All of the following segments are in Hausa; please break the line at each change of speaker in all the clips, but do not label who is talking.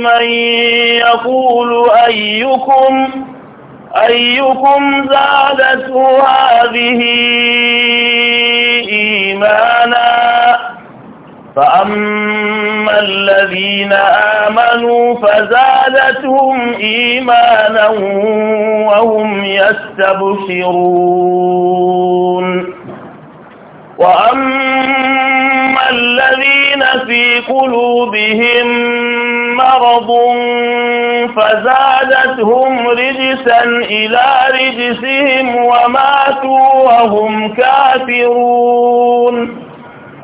من يقول أيكم أيكم زادته هذه إيمانا فأما الذين آمنوا فزادتهم إيمانا وهم يستبشرون وأما الذين في قلوبهم مرض فزادتهم رجسا إلى رجسهم وماتوا وهم كافرون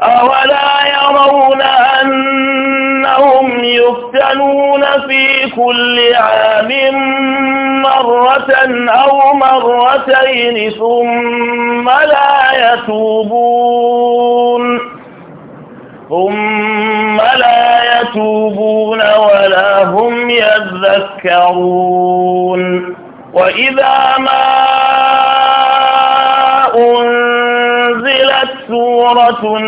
أولا يرون أنهم يفتنون في كل عام مرة أو مرتين ثم لا يتوبون ثم لا يتوبون ولا هم يذكرون وإذا ما أنزلت سورة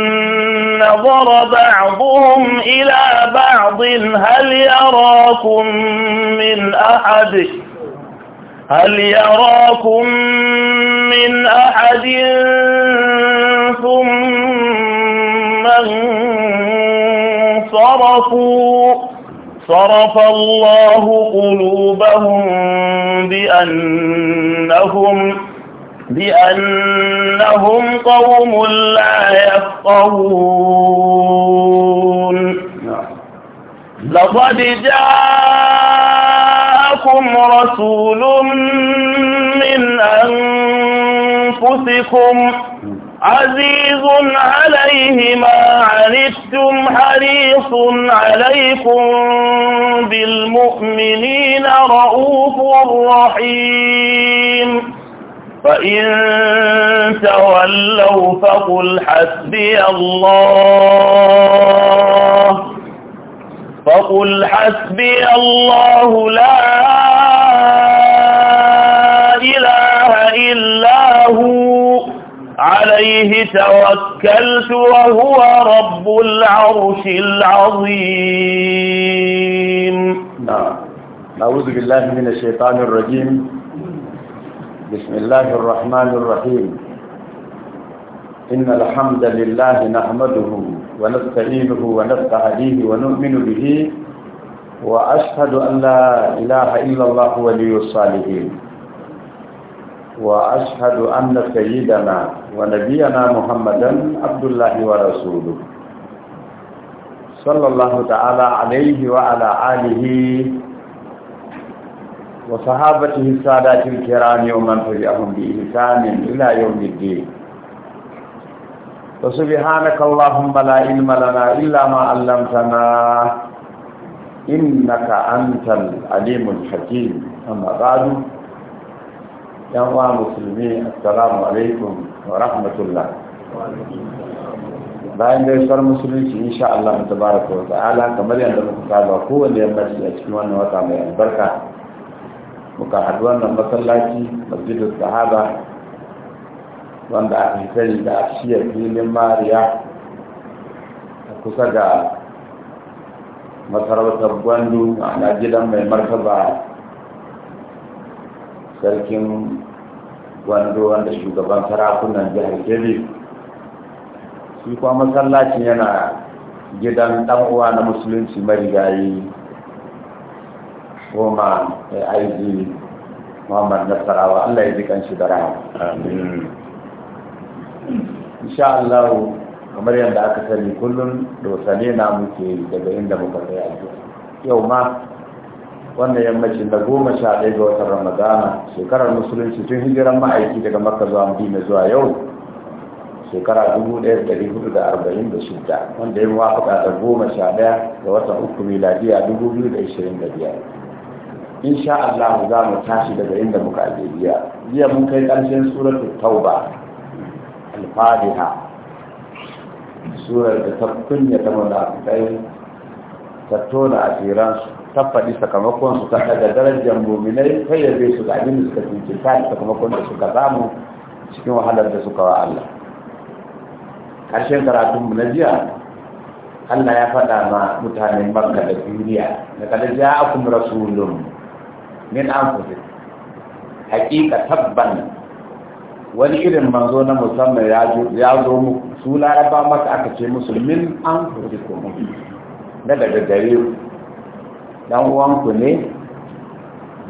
نظر بعضهم إلى بعض هل يراكم من أحد هل يراكم من أحد ثم صرفوا صرف الله قلوبهم بأنهم بأنهم قوم لا يفقهون لقد جاءكم رسول من أنفسكم عزيز عليه ما عنتم حريص عليكم بالمؤمنين رؤوف رحيم فإن تولوا فقل حسبي الله فقل حسبي الله لا إله إلا هو عليه توكلت وهو رب العرش العظيم
نعم أعوذ بالله من الشيطان الرجيم بسم الله الرحمن الرحيم إن الحمد لله نحمده ونستعينه ونستهديه ونؤمن به وأشهد أن لا إله إلا الله ولي الصالحين وأشهد أن سيدنا ونبينا محمدا عبد الله ورسوله صلى الله تعالى عليه وعلى آله وصحابته السادات الكرام ومن تبعهم بإحسان إلى يوم الدين وسبحانك اللهم لا علم لنا إلا ما علمتنا إنك أنت العليم الحكيم أما بعد yan uwa musulmi assalamu alaikum wa rahmatullah bayan gaisuwar musulunci insha Allah tabaraka wa ta'ala kamar yadda muka saba kowanne yammaci a cikin wannan wata mai albarka muka haɗu wannan masallaci da sahaba wanda a sani da ashiyar filin mariya a kusa ga masarautar gwandu na gidan mai martaba sarkin wando wanda shugaban sarakunan jihar kebbi shi kuma masallacin yana gidan dan uwa na musulunci marigayi goma a eh, aiki muhammad nasarawa allah ya ji kanshi da rahama insha Allah kamar yadda aka sani kullum dosane na muke daga inda muka tsaya yau ma wannan yammacin da goma sha ɗaya ga watan ramadana shekarar musulunci tun hijiran ma'aiki daga makka zuwa madina zuwa yau shekara dubu ɗaya hudu da arba'in da shida wanda ya muwafaƙa da goma sha ɗaya ga watan uku miladiya dubu biyu da ishirin da biyar insha Allah za mu tashi daga inda muka aje biya jiya mun kai ƙarshen suratul tauba alfadiha fatiha surar da ta kunya ta munafiqai ta tona firansu ta faɗi sakamakon su ta daga darajar muminai fayyabe su ga abin da suka tunce ta sakamakon da suka samu cikin wahalar da suka wa Allah ƙarshen karatunmu na jiya Allah ya faɗa ma mutanen Makka da duniya da kada ja'akum rasulun min anfusikum Hakika tabban wani irin manzo na musamman ya zo muku su laraba maka aka ce musulmin an furikun na daga gare ku ɗan uwanku ne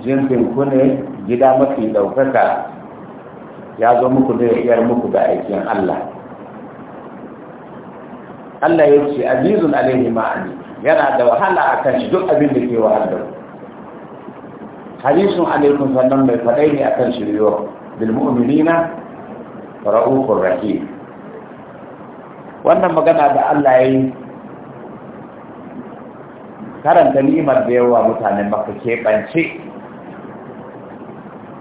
jinsinku ne gida mafi ɗaukaka ya zo muku da ya muku da aikin Allah Allah ya ce azizun alaihi ma'ani yana da wahala a kan shi duk abin da ke wahala. hadisun alaikun sannan mai faɗai ne a kan shiryo bilmu'minina ra'ufur rahim wannan magana da Allah ya yi karanta ni'imar da yawa mutanen maka keɓance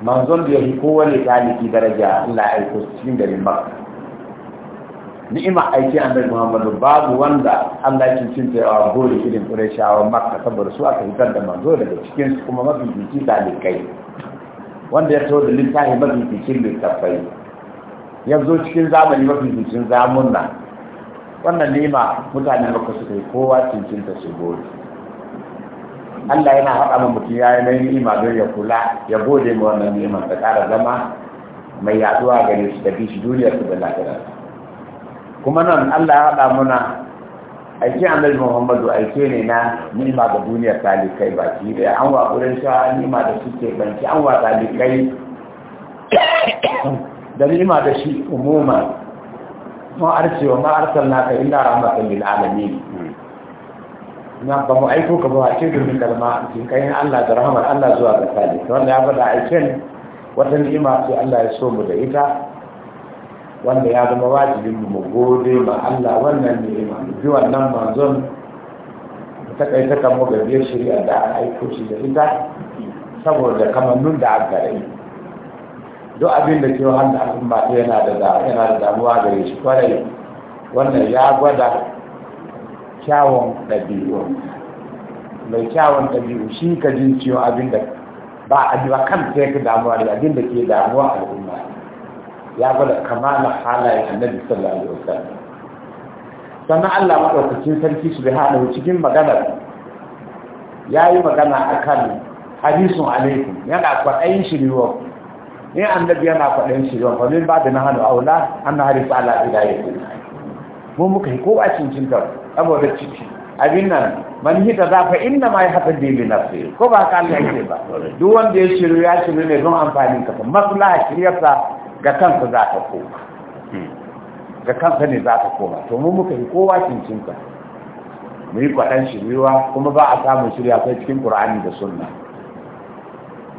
manzon da ya fi kowane taliki daraja Allah ya aiko cikin garin maka ni'ima aiki bai Muhammadu babu wanda Allah ya cincinta yawa gori irin shawar maka saboda su aka hitar da manzo daga cikin su kuma mafi jiki talikai wanda ya taho da littafi mafi jikin littafai ya zo cikin zamani mafi jikin zamunna wannan nema mutanen maka suka yi kowa cincinta su gori Allah yana haɗa mu mutum ya yi mai ni'ima don ya kula ya gode mu wannan ni'ima ta ƙara zama mai yaduwa gare su da shi duniyar su da lafiya kuma nan Allah ya haɗa muna aiki annabi Muhammadu aike ne na ni'ima ga duniyar talikai ba ki da an wa gurin sha ni'ima da suke banki an wa talikai da ni'ima da shi umuma ma arcewa ma arsalnaka illa rahmatan lil alamin na ba mu aiko ka ba a ce domin kalma cikin kayan Allah da rahamar Allah zuwa ga kali wanda ya faɗa aikin wata ni'ima ce Allah ya so mu da ita wanda ya zama wajibin mu gode ma Allah wannan ni'ima bi wannan manzon ta kai ta kan mu ga biyar shari'a da an aiko shi da ita saboda kamannun da aka rai duk abin da ke wanda al'umma yana da yana da damuwa gare shi kwarai wannan ya gwada kyawun ɗabi'u mai kyawun ɗabi'u shi ka jin ciwon abin da ba a jiwa kan teku damuwa da abinda da ke damuwa a al'umma ya gwada kamala halayen annabi sallallahu alaihi wasallam sannan Allah maɗaukacin sarki su bihanahu cikin maganar ya yi magana a kan hadisun alaikum yana kwaɗayin shirwa in annabi yana kwaɗayin shirwa kwanin ba da na hannu aula an na harisa ala ilayen mu muka yi ko a cincin saboda ciki abin nan man hita za fa inna ma yahdi bi nafsi ko ba ka Allah yake ba duk wanda ya shiru ya shiru ne don amfanin ka fa maslaha shiryarsa ga kanka za ta koma hmm. ga kanka ne za ta koma to mu muka yi kowa cincin ka mu yi kwadan shiryuwa kuma ba a samun shirya sai cikin Qur'ani da Sunna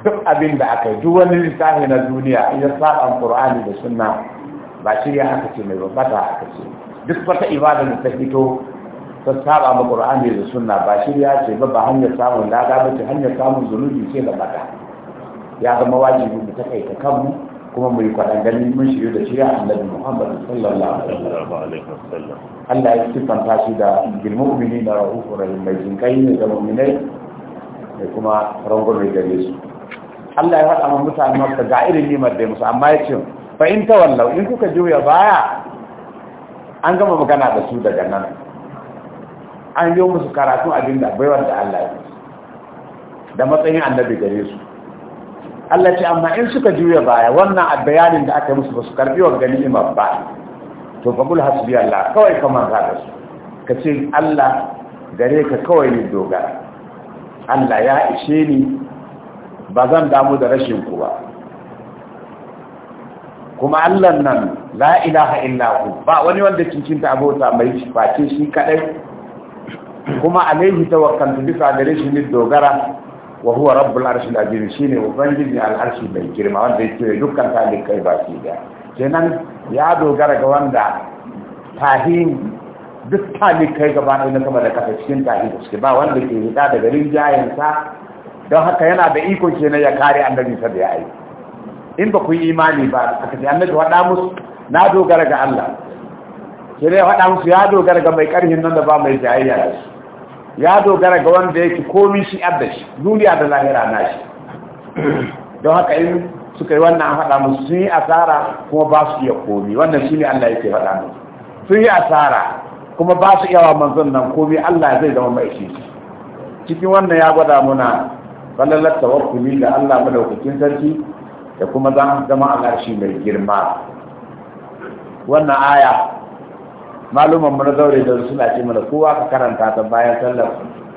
duk abin da aka yi duk wani lissafi na duniya in ya saba Qur'ani da Sunna ba shirya aka ce mai babbata aka ce duk wata ibada da ta fito ta saba ma qur'ani da sunna ba shirya ce ba ba hanyar samun lada ba ce hanyar samun zunubi ce da bada ya zama wajibi mu take ta kanmu kuma mu yi kwadan ganin mun shirya da shirya annabi Muhammad sallallahu alaihi wasallam Allah ya sifanta shi da bil mu'minina rahufur rahim mai jinkai ne ga mu'minai da kuma rangon gare su Allah ya faɗa mun mutane maka ga irin nimar da musu amma ya ce fa in ta tawallau in kuka juya baya an gama magana da su daga nan an yi musu karatu abin da baiwar da Allah ya da matsayin annabi gare su Allah ce amma in suka juya baya wannan bayanin da aka yi musu ba su karbi wa ganima ba to fagul hasbi Allah kawai kamar ka su ka ce Allah gare ka kawai ni dogara Allah ya ishe ni ba zan damu da rashin ku ba kuma Allah nan la ilaha illa hu ba wani wanda cincinta abota mai face shi kadai kuma alaihi tawakkaltu bisa gare shi ne dogara wa huwa rabbul arshil azim shine ubangiji al arshi mai girma wanda yake dukkan talikai baki da kenan ya dogara ga wanda tahin duk talikai gaba ɗaya na sama da kasa cikin tahin suke ba wanda ke hita daga rinjayensa don haka yana da iko kenan ya kare annabi sa da ya yi in ba ku yi imani ba aka ce annabi faɗa musu na dogara ga Allah sai dai faɗa musu ya dogara ga mai karhin nan da ba mai jayayya da ya dogara ga wanda yake komi shi adda shi duniya da lahira na shi don haka in suka yi wannan haɗa musu sun yi asara kuma ba su iya komi wannan shi ne Allah yake faɗa musu sun yi asara kuma ba su wa manzon nan komi Allah zai zama mai shi cikin wannan ya gwada muna fallalar tawakkuli da Allah madaukakin sarki da kuma zama Allah shi mai girma wannan aya maluman mun zaure da suna ce mana kowa ka karanta ta bayan sallar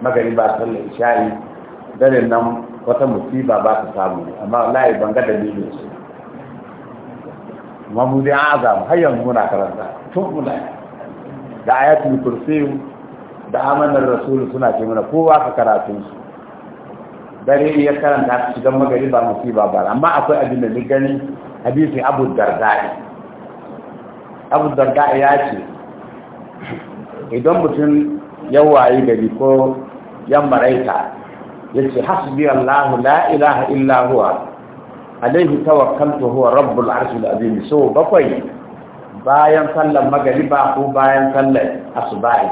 ba sallar isha'i dare nan wata musiba ba ka samu amma wallahi ban ga dalilin su amma mu an azamu har yanzu muna karanta tun muna da ayatul kursiyu da amanar rasulu suna ce mana kowa ka karatun su dare ya karanta su shigan ba musiba ba amma akwai abin da ni gani hadisi abu dardai abu dardai ya ce idan mutum ya wayi gari ko ya maraita ya ce hasbi Allah la ilaha illa huwa alaihi tawakkaltu huwa rabbul arshil azim so bakwai bayan sallar ba, ko bayan sallar asubahi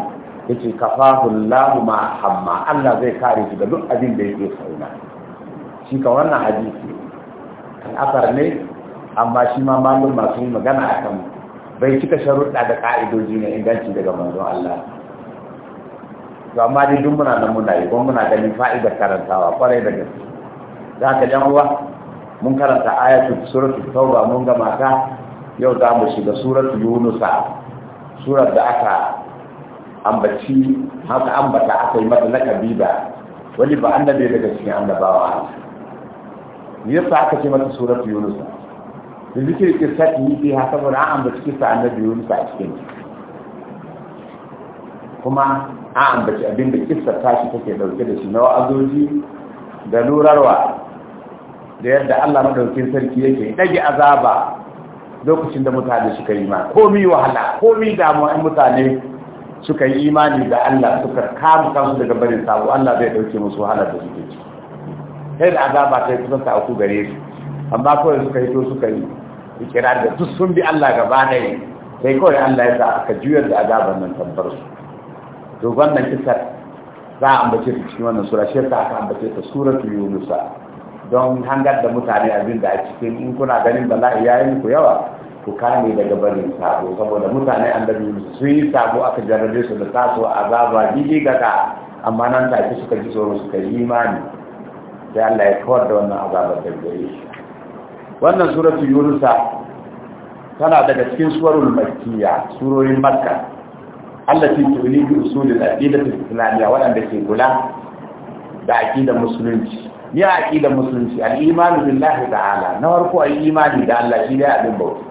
yace kafahu Allah ma hamma Allah zai kare shi da duk abin da yake sauna shi ka wannan hadisi al'asar ne amma shi ma malum masu magana akan bai cika sharuɗa da ƙa'idoji na inganci daga manzon Allah to amma dai duk muna nan muna yi muna ganin fa'idar karantawa kwarai da gaske za ka jan uwa mun karanta ayatu suratu tauba mun ga mata yau za mu shiga suratu yunusa surar da aka ambaci haka ambata aka yi mata lakabi da wani ba annabi daga cikin annabawa ne yasa aka ce mata suratu yunusa da zikir sati, yi ke haka saboda an ambaci kisa annabi Yunus a cikin kuma an ambaci abin da kisa tashi take dauke da shi na wa'azoji da lurarwa da yadda Allah madaukin sarki yake dage azaba lokacin da mutane suka yi ma komi wahala komi damuwa in mutane suka yi imani da Allah suka kama kansu daga barin sabo Allah zai dauke musu wahala da suke ciki sai da azaba sai yi kusan ta uku gare su amma kawai suka yi to suka yi ikirar da duk sun bi Allah gaba ɗaya sai kawai Allah ya sa aka juyar da azabar nan tabbar su to wannan kisar za a ambace ta cikin wannan sura shi yasa aka ambace ta suratul yunus don hangar da mutane abin da a cikin in kuna ganin bala'i yayi muku yawa ku kame daga barin sabo saboda mutane annabi yunus sun yi sabo aka jarrabe su da taso azaba gidi gaga amma nan ake suka ji tsoro suka yi imani sai Allah ya kawar da wannan azabar da gare shi wannan suratu yunusa tana daga cikin suwarul makkiya surorin makka Allah allati tuli bi usulil aqidati islamiyya wadanda ke kula da aqidar musulunci ya aqidar musulunci al-imanu billahi ta'ala na farko ai imani da Allah shi da abin bauta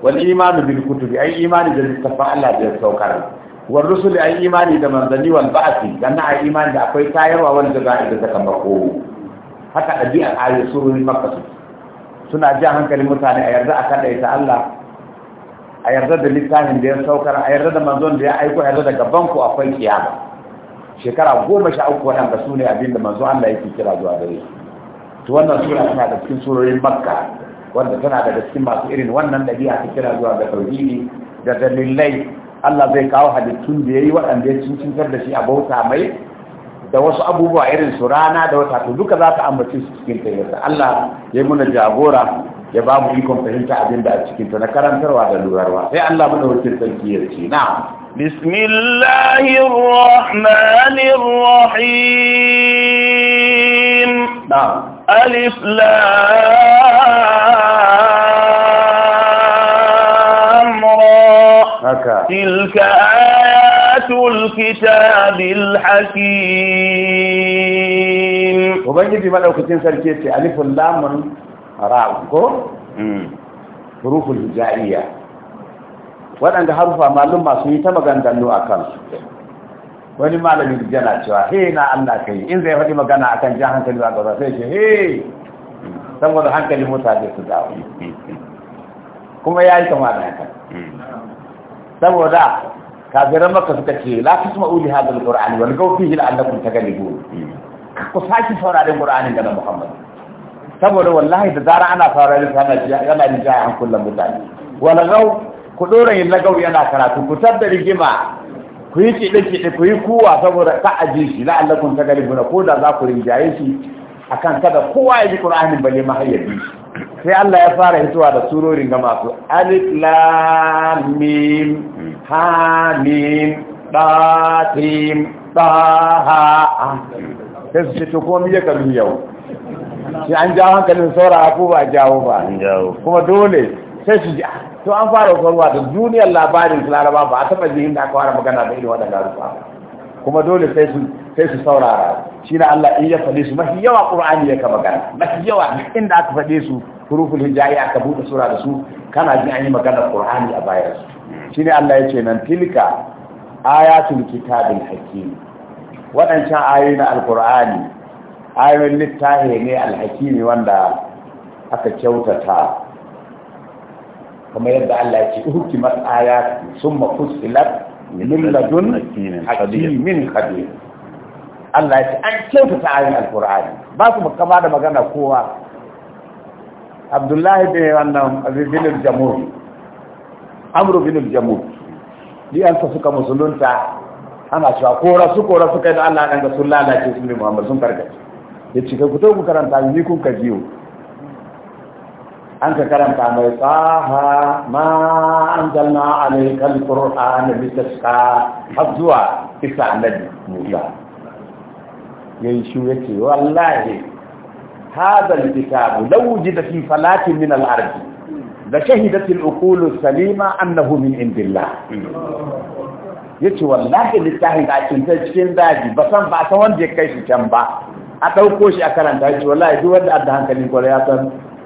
wal imanu bil kutubi ai imani da littafin Allah da saukar wal rusul ai imani da manzanni wal ba'thi dan ai imani da akwai tayarwa wal jaza'i da sakamako haka dabi'a ayi surorin makka suna jan hankalin mutane a yarda a kaɗaita Allah a yarda da littafin da ya saukar a yarda da manzon da ya aiko yarda da gaban ku akwai kiyama shekara goma sha uku waɗanda su ne abin da manzon Allah yake kira zuwa gare to wannan sura tana da cikin surorin makka wanda tana daga cikin masu irin wannan ɗabi'a ta kira zuwa ga tauhidi da dalilai Allah zai kawo halittun da ya yi waɗanda ya cincintar da shi a bauta mai da wasu abubuwa irin su rana da wata to duka za ka ambace su cikin ta Allah ya muna jagora ya ba mu ikon fahimta abin da a cikin ta na karantarwa da lurarwa sai Allah mana wakil sarki ya ce na bismillahir rahmanir
rahim na alif lam ra haka tilka الكتاب الحكيم
وبنجي مدوكتين سركيتي ألف لام راو كو waɗanda harufa malum masu yi ta a kansu wani malamin jana cewa he na Allah ka yi in zai faɗi magana a kan jan hankali a gaba sai ce he hankali mutane su dawo kuma ya yi kama da haka saboda kafiran maka suka ce la tasma'u li hadha al-qur'ani da lagaw fihi la'allakum taghlibun ku saki sauraren qur'anin da Muhammad saboda wallahi da zara ana sauraren sana yana rija an hankulan mutane wa lagaw ku dora yin lagaw yana karatu ku tabda rigima ku yi kiɗe-kiɗe ku yi kuwa saboda ka aje shi la'allakum na, ko da za ku rinjaye shi akan kada kowa ya ji Qur'anin balle ma hayya bi sai Allah ya fara hitowa da surorin ga masu alif lam mim ha mim da tim da ha sai su ce ko mi ya karu yau sai an jawo hankalin saura ko ba jawo ah, ba kuma dole sai su ji to an fara korwa da duniyar labarin laraba ba a taba jihin da aka fara magana da irin waɗanda rufa kuma dole sai su saurara shi na Allah in ya faɗe su mafi yawa ƙur'ani ya ka magana mafi yawa inda aka faɗe su huruful hijayi aka buɗe sura da su kana ji an yi maganar ƙur'ani a bayan su shi ne Allah ya ce nan tilka ayatul kitabil hakim waɗancan ayoyi na alƙur'ani ayoyin littafi ne alhakimi wanda aka kyautata kamar yadda Allah ya ce hukimat ayat summa fusilat min ladun hakimin khabir Allah ya ce an kyautata ayin alkur'ani ba su kama da magana kowa abdullahi bin wannan bin jamur amru bin jamur diyansa suka musulunta ana cewa kora su kora su kai da Allah dan ga sun lalace sun bi Muhammad sun karkace ya ce ku to ku karanta ni kun ka jiyo an ka karanta mai tsaha ma anzalna alayka alqur'ana bi tasqa zuwa isa annabi Musa yayi shu yake wallahi hadha alkitab law wujida fi falatin min al-ard la shahidat al-uqul salima annahu min indillah yace wallahi littafin da cikin cikin daji ba san ba ta wanda ya kai shi can ba a dauko shi a karanta shi wallahi duk wanda adda hankalin kwara ya san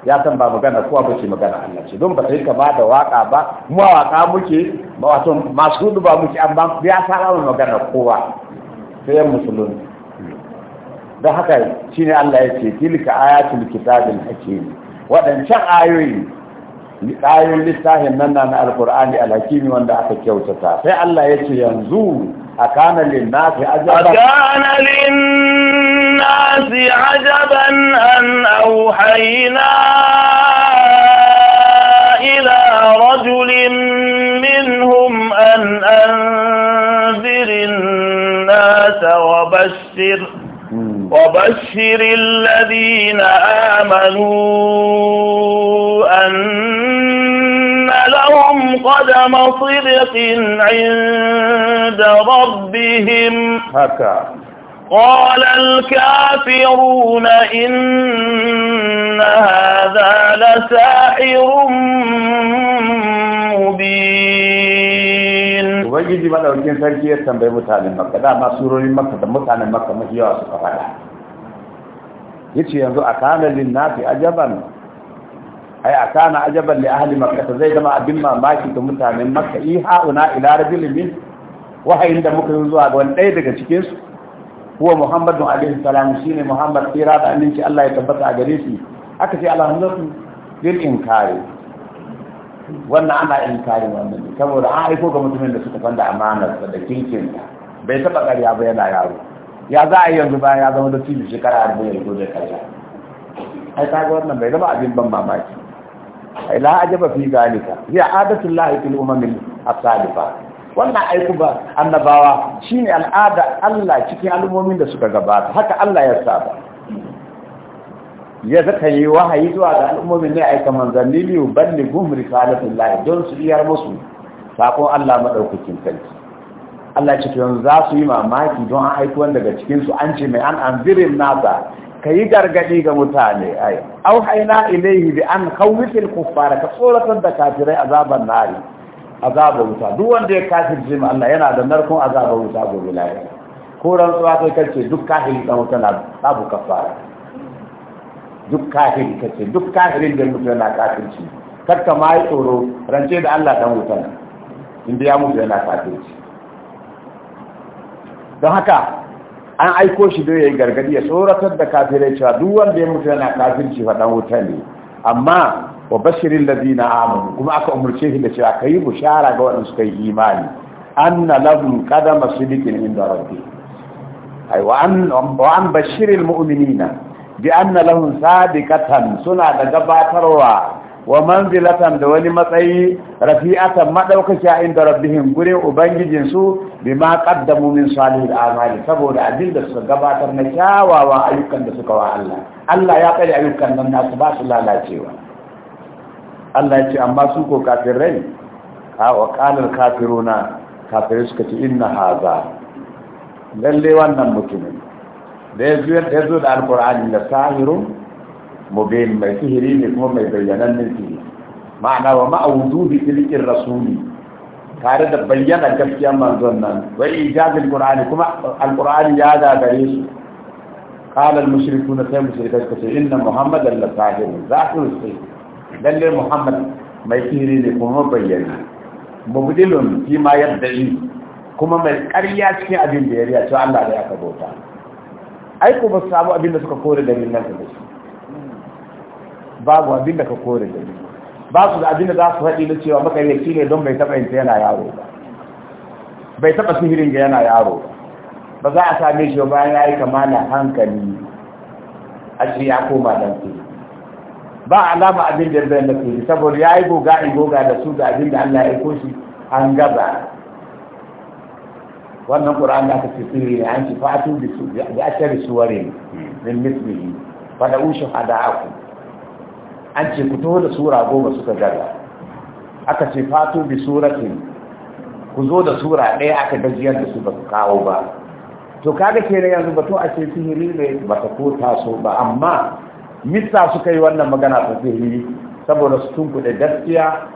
ya san ba magana kowa ba ce magana Allah ce don ba sai ka ba da waka ba mu waka muke wato masu duba ba muke amma ya sa magana kowa sai musulunci da haka shine Allah ya ce tilka ayatul kitabil hakim wadancan ayoyi ayoyin littafin nan nan alqur'ani alhakimi wanda aka kyautata sai Allah ya ce yanzu akana kana linnasi ajaban a kana
linnasi ajaban an awhayna ila rajulin minhum an anzirin nas wa bashir وبشر الذين آمنوا أن لهم قدم صدق عند ربهم هكا قال الكافرون إن هذا لساحر
مبين ubangiji madaukin sarki ya tambayi mutanen makka dama surorin makka da mutanen makka mafi yawa suka fada yace yanzu a kana linnati ajaban ai a kana ajaban li ahli makka ta, zai zama abin mamaki da mutanen makka ha'una ila rajulin min wahayin da muka yi zuwa ga wani ɗaya daga cikin su huwa muhammadun alaihi salam shine muhammad tsira da aminci Allah ya tabbata a gare shi aka ce alhamdulillah bil inkari wannan ana inkarin wannan saboda an aiko ga mutumin da suka fanda amanar da kinkin bai taba karya ba yana yaro ya za a yi yanzu bayan ya zama da cibi shekara arba'in ya da karya ai ta ga wannan bai zama abin ban mamaki ai la ajaba fi zalika ya adatu llahi fil umamin asalifa salifa wannan aiku ba annabawa shine al'ada Allah cikin al'ummomin da suka gabata haka Allah ya saba ya zaka yi wahayi zuwa ga al'ummomin ne aika manzanni li yuballighum risalatullahi don su biyar musu sakon Allah madaukakin sarki Allah ce yanzu za su yi mamaki don an aiko wanda daga cikin su an ce mai an anzirin nasa kayi gargadi ga mutane ai au haina ilaihi bi an khawfil kuffara ka tsoratar da kafirai azaban nari azabar wuta duk wanda ya kafirce ma Allah yana da narkon azabar wuta gobe lafiya ko rantsuwa kai kace duk kafiri dan wuta na babu kafara duk kafiri ce, duk kafirin da mutu yana kafirci kakka ma yi tsoro rance da Allah dan wutan inda ya mutu yana kafirci don haka an aiko shi da ya yi gargadi ya tsoratar da kafirai cewa duk wanda ya mutu yana kafirci fa dan wuta ne amma wa bashirin ladina amanu kuma aka umurce shi da cewa kai bushara ga waɗanda suka yi imani anna lahum qadama sidiqin inda rabbi ay wa an wa an bashirin mu'minina bi anna lahum sadiqatan suna da gabatarwa wa manzilatan da wani matsayi rafi'atan madaukaki inda rabbihim gurin ubangijin su bima qaddamu min salihil amali saboda abin da suka gabatar na kyawawa ayyukan da suka wa Allah Allah ya kare ayyukan nan nasu ba su lalacewa Allah ya ce amma su ko kafirai ka wa qalar kafiruna kafirai suka ce inna haza. lalle wannan mutumin ديزوين ديزو القرآن إلا ساهر مبين ما يسهرين لكم ما يبينا من فيه معنى وما أوضوه تلك الرسول كارد بيانا كفتيا من ظنن وإيجاز القرآن كما القرآن يادا بريس قال المشركون سيد مشركات كسر إن محمد إلا ساهر ذاك رسي لن محمد ما يسهرين لكم ما يبينا مبدل فيما يدعي كما ما يسهرين لكم ما يبينا الله يا كبوتان aiko ba su samu abin da suka kore dalilin nan da su babu abin da ka kore dalilin ba su da abin da za su haɗi na cewa makaryaci ne don bai taɓa yinta yana yaro ba bai taɓa sihirin ga yana yaro ba ba za a same shi bayan ya yi kama na hankali a ce ya koma dan fi ba alama abin da ya zai na fi saboda ya yi goga in goga da su ga abin da Allah ya aiko shi an gaba wannan da aka ce sirri ne an ci fatu da su bi ashari suwari min mislihi fa da ushu aku an ce ku da sura goma suka gaza aka ce fatu bi suratin ku zo da sura ɗaya aka gajiyar da su ba su kawo ba to kaga kenan yanzu batun a ce sihiri ne ba ta ko taso ba amma mista suka yi wannan magana ta sihiri saboda su tunkuɗe gaskiya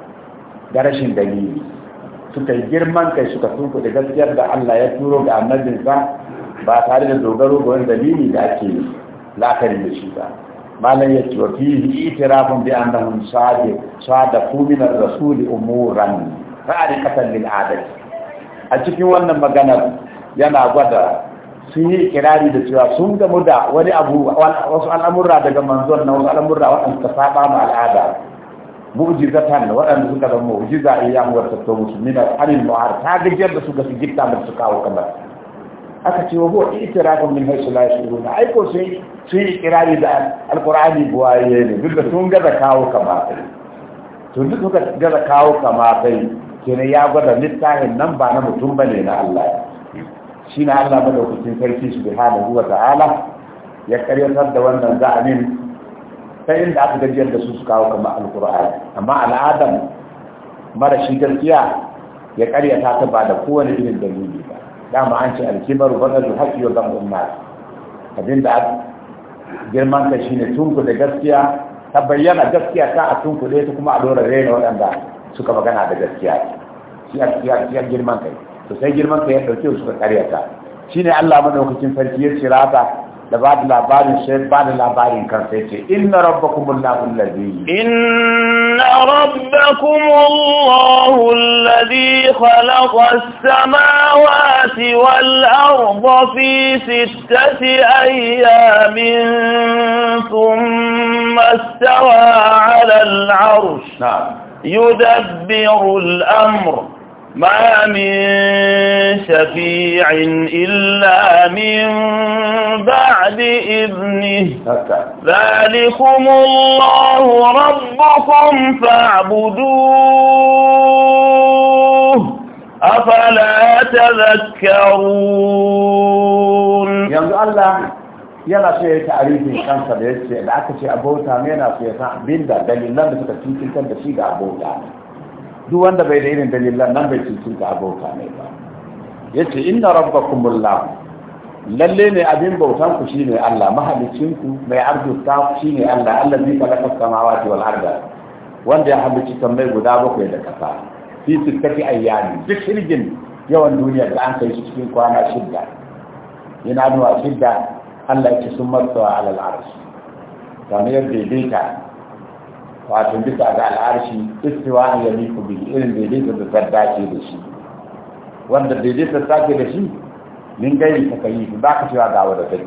da rashin dalili suka yi girman kai suka tuku da gaskiyar da Allah ya turo ga annabinsa ba tare da dogaro ga wani dalili da ake la'akari da shi ba malam ya ce wa ita itirafun bi an sadiq sadaku min kumina rasuli umuran fa'arikatan lil adal a cikin wannan magana yana gwada sun yi kirari da cewa sun gamu da wani abu wasu al'amurra daga manzon na wasu al'amurra waɗanda saba ma al'ada mu'jizatan waɗanda suka zama mu'jiza in eh, ya muwar tatto musu min al-anil ta gajiyar da suka su gitta da su kawo kamar aka ce wa huwa min haythu la yashuruna ai ko sun sun kirari da alqur'ani buwaye ne duk da sun gaza kawo kamar to duk suka gaza kawo kamar kai kene ya gwada littafin nan ba na mutum bane na Allah shi na Allah madaukakin sarki subhanahu wa ta'ala ya karyatar da wannan za'amin ta inda aka gajiyar da su su kawo kama alkur'ani amma al'adam mara shi gaskiya ya karyata ta ba da kowane irin dalili ba dama an ce wadda banaru haƙi wa gama nas abin da girman ka shine tunku da gaskiya ta bayyana gaskiya ta a tunku da ta kuma a dora raina waɗanda suka magana da gaskiya Shi cikin girman kai to sai girman kai ya ɗauke su ka karyata shine Allah madaukakin sarki ya cirata لبعض لبعض الشيء بعض لبعض كرسيك إن ربكم الله الذي إن
ربكم الله الذي خلق السماوات والأرض في ستة أيام ثم استوى على العرش نعم يدبر الأمر ما من شفيع إلا من بعد إذنه ذلكم الله ربكم فاعبدوه أفلا
تذكرون يا الله يلا شيء تعريفي كان سبيل شيء العكس يا في صاحب بلدا دليل لم تتكين كنت شيء أبوتا duk wanda bai da irin dalilan nan bai cutu ga abota ne ba yace inna rabbakumullah lalle ne abin bautan ku shine Allah mahalicin ku mai arzuta ku shine Allah Allah zai kalaka samawati wal arda wanda ya halicci mai guda bakwai da kasa fi sittati ayyani duk shirgin yawan duniya da an kai shi cikin kwana shidda yana nuna shidda Allah ya ci sun matsawa alal arshi kamar yadda daidaita wato bisa ga al'arshi istiwa ne ya miku bi irin daidaita da ta dace da shi wanda daidaita ta ke da shi min gani ta kayi ba ka cewa ga wadda take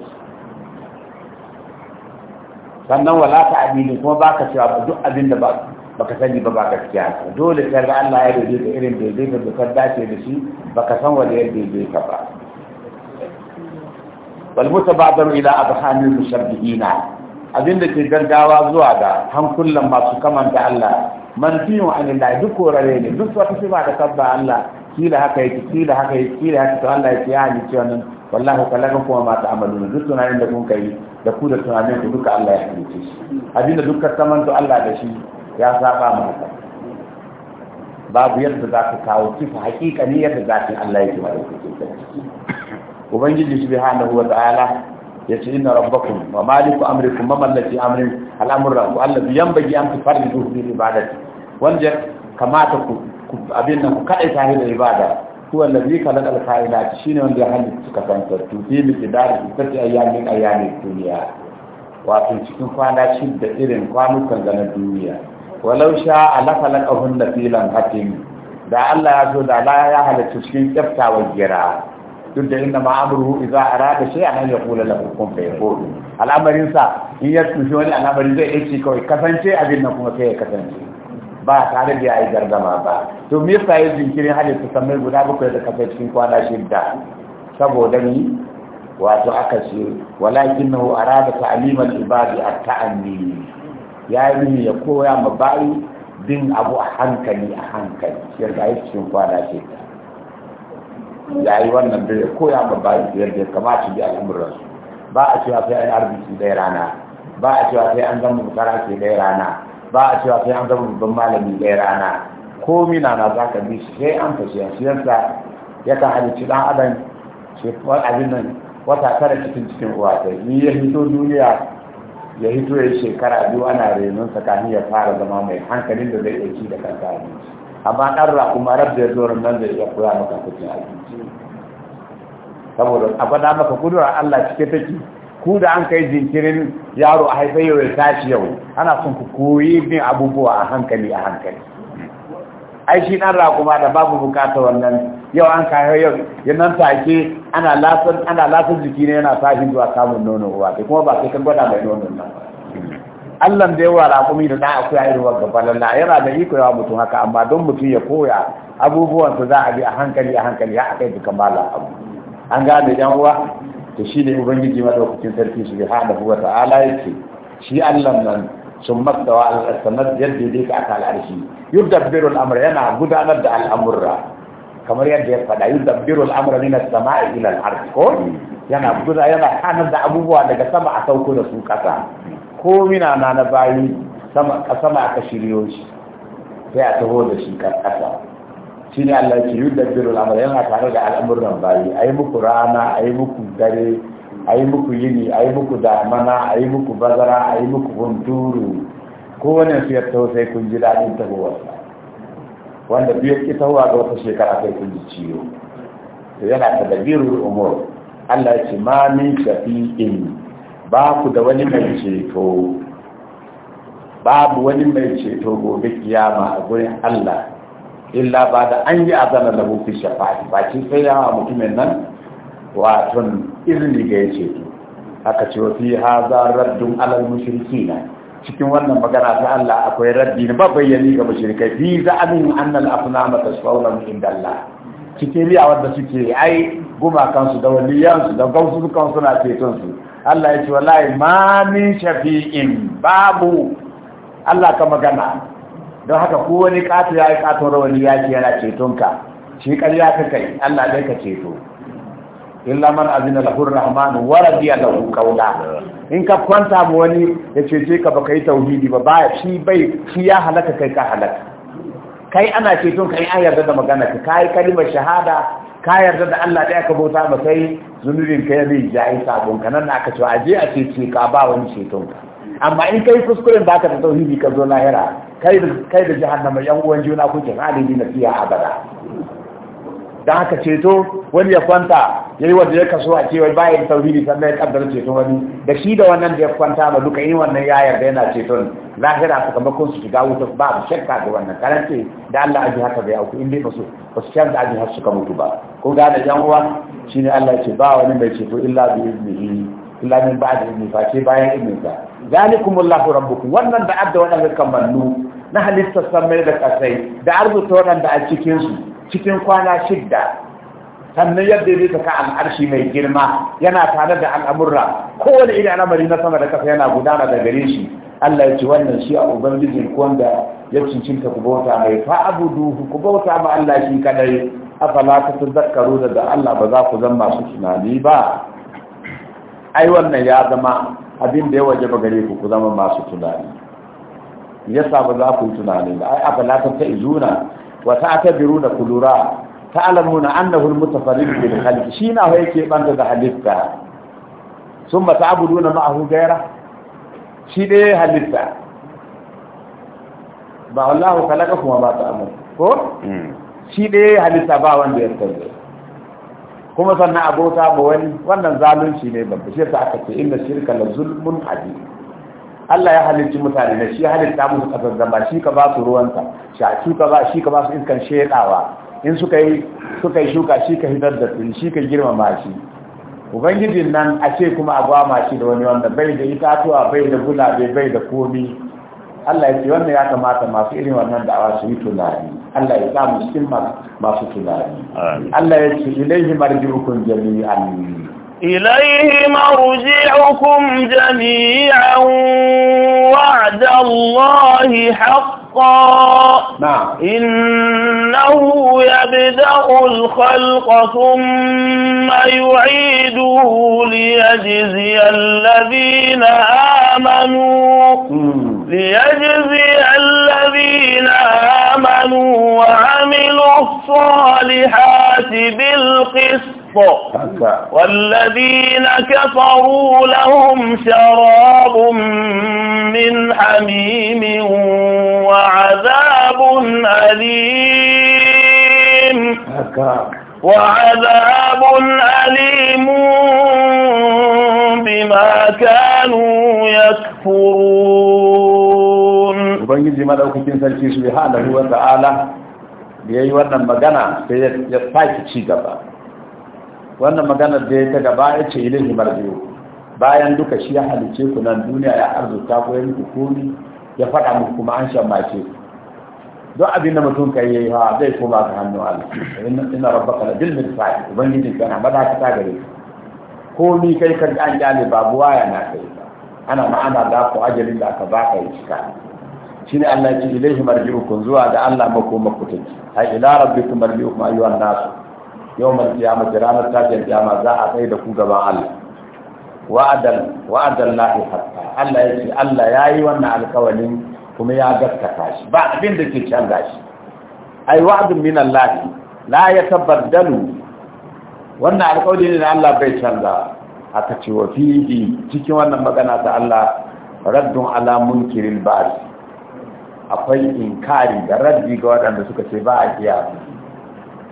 sannan wala ta abini kuma ba ka cewa duk abin da ba ka sani ba ba ka gaskiya dole sai ga Allah ya daidaita irin daidaita da ta dace da shi ba ka san wanda ya daidaita ba wal mutabadaru ila abhanil mushabbiina abinda ke gaggawa zuwa ga hankulan masu kamanta Allah manfiyun anillahi duk korare ne duk wata sifa da sabba Allah kila haka yake kila haka yake kila haka to Allah yake ya ni cewa nan wallahi kalakan kuma ma ne, duk tunanin da kun kai da ku da tunanin ku duka Allah ya halice shi abinda duk ka samanto Allah da shi ya saba mu haka babu yadda za ka kawo sifa hakika ne yadda zafin Allah yake mai ubangiji subhanahu wa ta'ala ce ina rabbakum wa maliku amrikum ma mallaki amrin al'amuran ku allazi yanbaghi an tufarridu bi ibadati wanda kamata ku abin nan ku kada ta da ibada wanda bi kala al-kainat shine wanda ya halitta kasantattu da su tafi ayyamin ayyamin duniya wato cikin kwana shidda irin kwanukan ga duniya walau sha ala khalaqahun nafilan hatim da Allah ya zo da la ya halarci cikin kyaftawar gira duk da inna ma amruhu a arada shay'an an yaqula lahu kun fayakun al'amarin sa in ya tsufi wani al'amari zai ci kawai kasance abin nan kuma sai ya kasance ba tare da yayi gargama ba to me yasa ya jinkirin hali su samai guda bakwai da kafa cikin kwana shida saboda ni wato aka ce walakinahu ta alimar ibadi a taanni yayi ya koya ma bayi bin abu a hankali a hankali shirga cikin kwana shida ya yi wannan ko ya koya ma bayi yadda ya kamata bi al'amuransu ba a cewa sai an yi arziki ɗaya rana ba a cewa sai an zama mutara ke ɗaya rana ba a cewa sai an zama babban malami ɗaya rana ko mina na za ka bi shi sai an fashe siyarsa ya kan halicci ɗan adam shekaru abin nan wata tara cikin cikin uwa ni ya hito duniya ya hito ya shekara biyu ana renon tsakanin ya fara zama mai hankalin da zai ɗauki da kanta abinci amma ɗan raƙuma rabbi ya zoron nan da ya koya maka kuke aiki saboda a faɗa maka kudura Allah cike take ku da an kai jinkirin yaro a haifai yau ya tashi yau ana son ku koyi bin abubuwa a hankali a hankali ai shi ɗan raƙuma da babu bukata wannan yau an kayo yau ya nan take ana lasar jiki ne yana tashi zuwa samun nono uwa kuma ba sai kan gwada mai nono nan ba Allah da yawa raƙumi da na akwai a irin gaba yana da iko yawa mutum haka amma don mutum ya koya abubuwan su za a bi a hankali a hankali har akai duka malam abu an gane yan uwa to shi ne ubangiji madaukakin sarki su hada wa ta'ala yake shi Allah nan sun maktawa al-sanad yadda dai ka aka al'arshi yudabbiru al-amr yana gudanar da al'amurra kamar yadda ya faɗa yudabbiru al-amra min as-sama'i ila al-ardh ko yana gudanar yana kanar da abubuwa daga sama a sauko da su kasa komina na na bayi sama aka shiryo shi sai a taho da shi ƙasa shi ne Allah ke yudda birul amal yana tare da al'amuran bayi a yi muku rana a yi muku dare a yi muku yini a yi muku damana a yi muku bazara a yi muku hunturu wani su ya taho sai kun ji daɗin tahowarsa wanda biyar ki tahowa ga wata shekara kai kun ji ciwo to yana da birul umur Allah ce ma min shafi'in ba da wani mai ceto babu wani mai ceto gobe kiyama a gurin Allah illa ba da an yi azana da fi shafa'i ba ce sai yawa mutumin nan wato izini ga ya ceto aka ce wafi haza raddun alal mushriki na cikin wannan magana ta Allah akwai raddi na bayyani ga mushrikai fi za'amin annal afnama tashfauna min Allah cikin riya wanda suke ai gumakansu da waliyansu da gausu kan na ceton su Allah ya ce wallahi ma min shafi'in babu Allah ka magana don haka ko wani kato ya yi kato rawani ya ce yana cetonka shi ƙarya ka kai Allah dai ka ceto illa man azina lahu rahman wa radiya lahu qawla in ka kwanta mu wani ya cece ka baka yi tauhidi ba ba shi bai shi ya halaka kai ka halaka kai ana ceton kai an yarda da magana ka kai kalimar shahada ka yarda da Allah ɗaya ka bauta ba sai zunubin ka ya jayi sabon ka nan aka cewa aje a ce ce, ka ba wani ceton ka amma in kai kuskuren baka da tauhidi ka zo lahira kai da jihar na jahannama yan uwan juna kuke halin na fiya abada Da haka ceto wani ya kwanta ya yi wanda ya kaso a cewa bayan tauhidi sannan ya kaddara ceto wani da shi da wannan da ya kwanta ba duka yin wannan ya yarda yana ceton lahira sakamakon su shiga wuta ba a shakka da wannan karance da Allah aji haka bai auku inda ba su ba su canza aji har suka mutu ba ko ga jan uwa uwa ne Allah ce ba wani mai ceto illa bi izini illa min ba da izini face bayan izninsa zalikumullahu rabbukum wannan da adda wannan kammallu na halittar samai da kasai da arzuta wannan da a cikin su cikin kwana shidda sannan yadda zai saka al'arshi mai girma yana tare da al'amurra kowane irin al'amari na sama da kasa yana gudana da gare shi Allah ya ce wannan shi a ubangijin wanda ya cincinta ku bauta mai fa duhu ku bauta ma Allah shi kadai afala ta tazakkaru da Allah ba za ku zan masu tunani ba ai wannan ya zama abin da ya waje ba gare ku ku zama masu tunani yasa ba za ku tunani ba ai afala ta izuna Wata wa na kulura ta'lamuna na al-mutafarrid bil khalq shi na yake banta da halitta sun ba summa ta'buduna ma'ahu gaira shi ɗaya halitta ba wallahu khalaqa kuma ba ta ta'mal ko shi ɗaya halitta ba wanda ya tsare kuma sannan abota ba wani wannan zalunci ne babba shi ta aka ce inna shirka la zulmun azim Allah ya halitta mutane ne shi halitta musu kasar zamba shi ka ba su ruwanta shi ka ba shi ka ba su iskan shekawa in suka yi suka yi shuka shi ka hidar da su shi ka girmama shi ubangijin nan a ce kuma a gwama shi da wani wanda bai da itatuwa bai da gulabe bai da komi Allah ya ce wannan ya kamata masu irin wannan da'awa su yi tunani Allah ya sa mu cikin masu tunani Allah ya ce ilaihi marji'ukum jami'an
إليه مرجعكم جميعا وعد الله حقا نعم إنه يبدأ الخلق ثم يعيده ليجزي الذين آمنوا ليجزي الذين آمنوا وعملوا الصالحات بالقسط والذين كفروا لهم شراب من حميم وعذاب أليم وعذاب أليم بما كانوا
يكفرون وبنجي ما لو كنت سلسي سبحانه وتعالى بيأي ورنا مغانا سيد يتفاك wannan maganar da ya ta gaba ya ce ilin himar biyu bayan duka shi ya halice ku nan duniya ya arzuta ko ya muku komi ya faɗa muku kuma an shammace don abin da mutum ka yayi ha zai koma ga hannu Allah Ina rabba la bil mirsal ubangiji kana madaka gare ka komi kai kan an jale babu waya na kai ana ma'ana da ku ajalin da aka baka ya cika shine Allah ya ce ilaihi marji'ukum zuwa da Allah makoma ku take ai ila rabbikum marji'ukum ayyuhan nasu yau mai kiyama ranar tashin kiyama za a tsaye da ku gaban Allah wa'adan wa'adan hatta Allah ya ce Allah ya yi wannan alkawalin kuma ya gaska shi ba abin da ke canza shi ai wa'adun min Allah la ya tabaddalu wannan alkawali ne na Allah bai canza aka ce wa fihi cikin wannan magana ta Allah raddun alamun kirin ba'd akwai inkari da raddi ga waɗanda suka ce ba a kiyama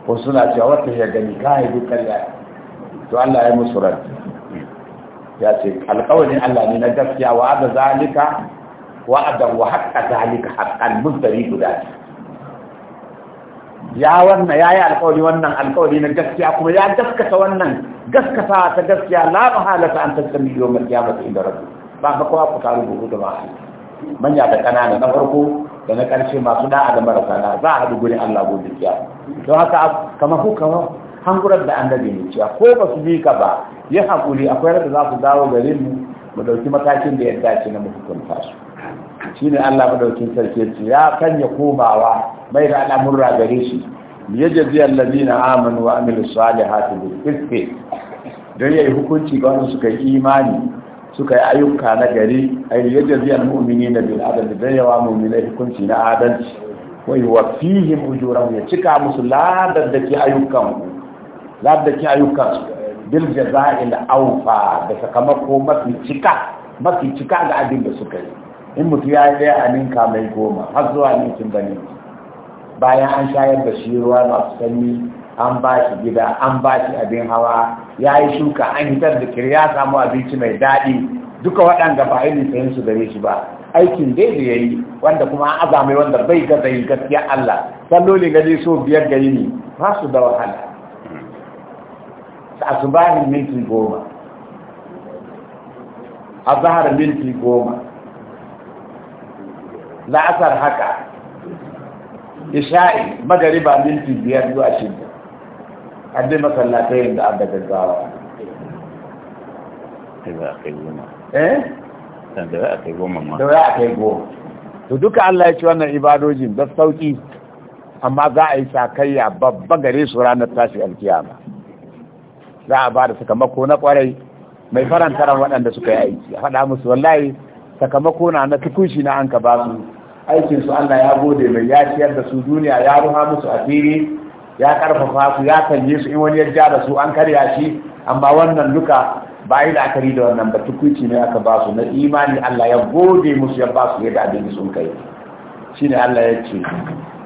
ko suna cewa wata ya gani ka yi dukkan ya to Allah ya musu rai ya ce alƙawarin Allah ne na gaskiya wa da zalika wa wa'adan wa haƙƙa zalika haƙƙan mustari guda ya wannan ya yi alƙawari wannan alƙawari na gaskiya kuma ya gaskata wannan gaskata ta gaskiya la mahalata an tattali yau mai kyamata inda rabu. ba ka kowa ku taru da ba manya da kanana na farko da na karshe masu da'a da marasa da za a haɗu gurin Allah gobe kiya don haka kama kama hankurar da annabi ne cewa ko ba su yi ka ba ya haƙuri akwai rada za su dawo garin mu mu ɗauki matakin da ya dace na mu hukunta su ne Allah madaukin sarki ce ya sanya komawa mai da al'amurra gare shi yajzi allazina amanu wa amilus salihati bil qisti don yayi hukunci ga wanda suka yi imani suka yi ayyuka na gari ay mummini na bin adalci don yawa mu'minai hukunci na adalci wa yuwaffihim ujurahum ya cika musu ladar da ke ayyukan ladar da ayyukan su bil jaza'il awfa da sakamako mafi cika mafi cika ga abin da suka yi in mutu ya yi ɗaya a ninka mai goma har zuwa ninkin bane bayan an shayar da shi ruwa masu sanyi an ba shi gida an ba shi abin hawa ya yi shuka an hitar da kirya samu abinci mai daɗi duka waɗanda ba irin sayin su gare shi ba aikin dai da ya yi wanda kuma an azamai wanda bai ga yin gaskiya Allah salloli gani so biyar da yini ba su da wahala a ni minti goma a zahar minti goma la'asar haka isha'i magariba minti biyar zuwa shida an masallatai da an da gaggawa eh? da za a kai goma da a goma to duka Allah ya ci wannan ibadojin da sauki amma za a yi sakayya babba gare su ranar tashi alkiyama za a ba da sakamako na kwarai
mai farantaran waɗanda suka yi aiki
a faɗa musu wallahi sakamako na na tukunshi na an ka ba su aikinsu Allah ya gode mai ya ciyar da su duniya ya ruha musu a fili ya karfafa su ya kalle su in wani ya ja da su an karya shi amma wannan duka ba yi la'akari da wannan ba tukuci ne aka ba su na imani Allah ya gode musu ya ba su da abin sun kai shine Allah ya ce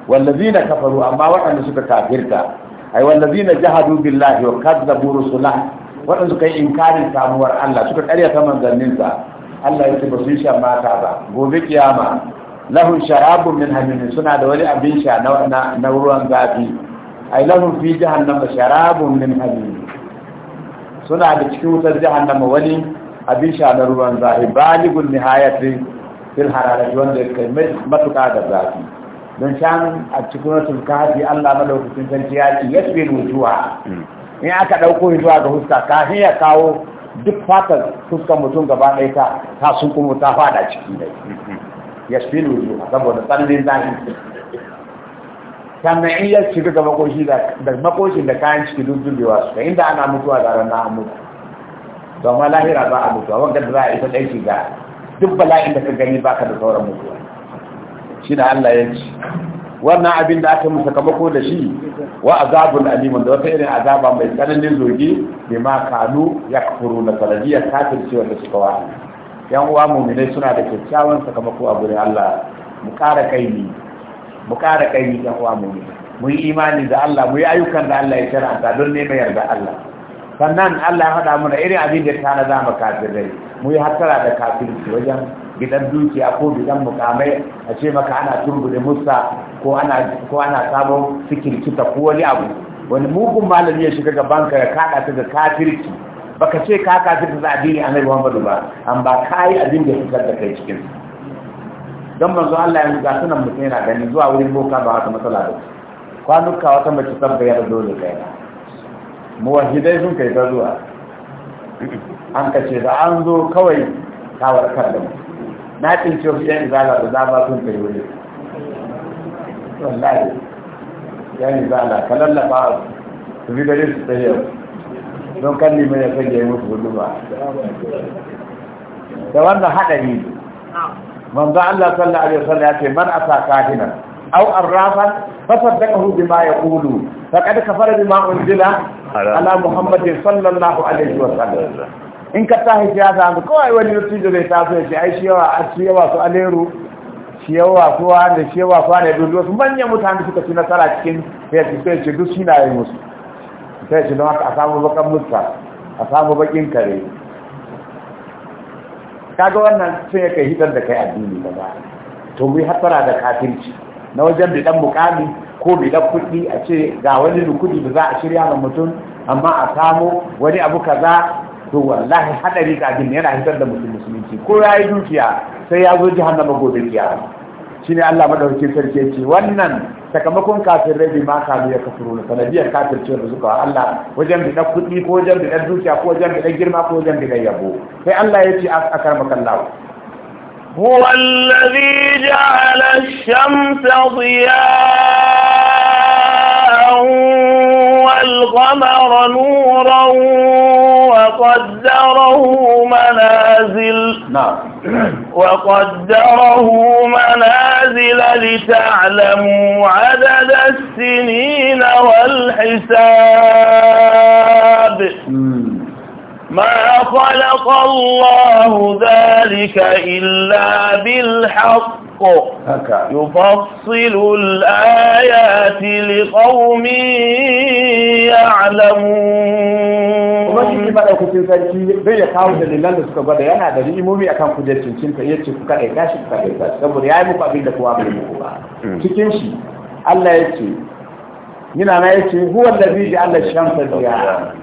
wallazina kafaru amma waɗanda suka kafirta ai wallazina jahadu billahi wa kadzabu rusulah waɗanda suka yi inkarin samuwar Allah suka karya ta manzanninsa Allah ya ce ba su yi shan mata ba gobe kiyama lahun sharabun min haminin suna da wani abin sha na ruwan zafi ai lahum fi jahannam sharabun min hadid suna da cikin wutar jahannam wani abin sha na ruwan zafi baligul nihayati fil hararati wanda ya kai matuka da zafi don shan a cikin wutar kafi Allah madaukakin sarki ya ce yasbir mutuwa. in aka dauko zuwa ga huska kafin ya kawo duk fatar fuskar mutum gaba ɗaya ta ta sun kuma ta fada ciki dai yasbir wujuha saboda tsananin zafi sannan in ya shiga ga makoshi da makoshin da kayan ciki duk dubewa su inda ana mutuwa da ranar an mutu to amma lahira ba a mutuwa wanda za a isa ɗai ga duk bala'in da ka gani baka da sauran mutuwa shi da Allah ya ci wannan abin da aka musa kamako da shi wa azabun alimun da wata irin azaba mai tsananin zogi bi ma kanu ya kafuru na sanadiyar kafirci wanda suka wani yan uwa muminai suna da kyakkyawan sakamako a gurin Allah mu kara kai ni mu ƙara ƙari yan uwa mu mu yi imani da Allah mu yi ayyukan da Allah ya shar'anta don neman yarda Allah sannan Allah ya faɗa mana irin abin da ta na zama kafirai mu yi hattara da kafirci wajen gidan dukiya ko gidan mukamai a ce maka ana turbude musa ko ana ko ana sabon sikirkita ko wani abu wani mugun malami ya shiga ga banka ya kada ta da kafirci baka ce ka kafirta da addini annabi Muhammadu ba an ba kai abin da ya fitar da kai cikin don manzo Allah ya ga sunan mutum yana gani zuwa wurin boka ba wata matsala ba kwanuka wata mace sabba da dole kai na muwahidai sun kai ta zuwa an kace da an zo kawai kawar kan da mu na tsince wasu yan izala da dama sun kai wuri wallahi yan izala ka lallaba su bi gare su tsaye don kan nima ya sanya yi musu huduma. da wannan haɗari manzo Allah sallallahu alaihi wasallam ya ce man ata kahinan aw arrafan fa saddaqahu bima yaqulu faqad kafara bima unzila ala muhammadin sallallahu alaihi wasallam in ka tahi ya san kawai wani mutum da zai taso ya ce ai shi su aleru shi su wanda shi su wanda duk wasu manyan mutane suka ci nasara cikin sai ce duk suna yi musu sai ce don haka a samu bakan musta a samu bakin kare kaga wannan sai ya kai hitar da kai addini ba ba to mu hatara da kafirci na wajen da dan mukami ko bi dan kuɗi a ce ga wani rukudi da za a shirya ma mutum amma a samu wani abu kaza to wallahi hadari addini yana hitar da mutum musulunci ko yayi dukiya sai ya zo jahannama gobe kiyama shine Allah madaukakin sarki yake wannan sakamakon kafirai bi ma kalu ya kafuru na sanadiyar kafircin da suka Allah wajen da kudi kuɗi ko wajen da dukiya ko wajen da girma ko wajen da yabo sai Allah ya ce a
هو الذي جعل الشمس ضياء والقمر نورا وقدره منازل نعم وقدره منازل لتعلموا عدد السنين والحساب ما خلق الله ذلك إلا بالحق الحق يفصل الآيات
ya يعلمون kuma shi ba daukacin sarki bai ya kawo dalilan da suka gwada yana da ni'imomi akan kujer cincin ta yace ku kada ya shi kada ya saboda yayi muku abin da kowa bai muku ba mm. cikin shi Allah ya ce, yana na yace Allah allazi ja'ala shamsa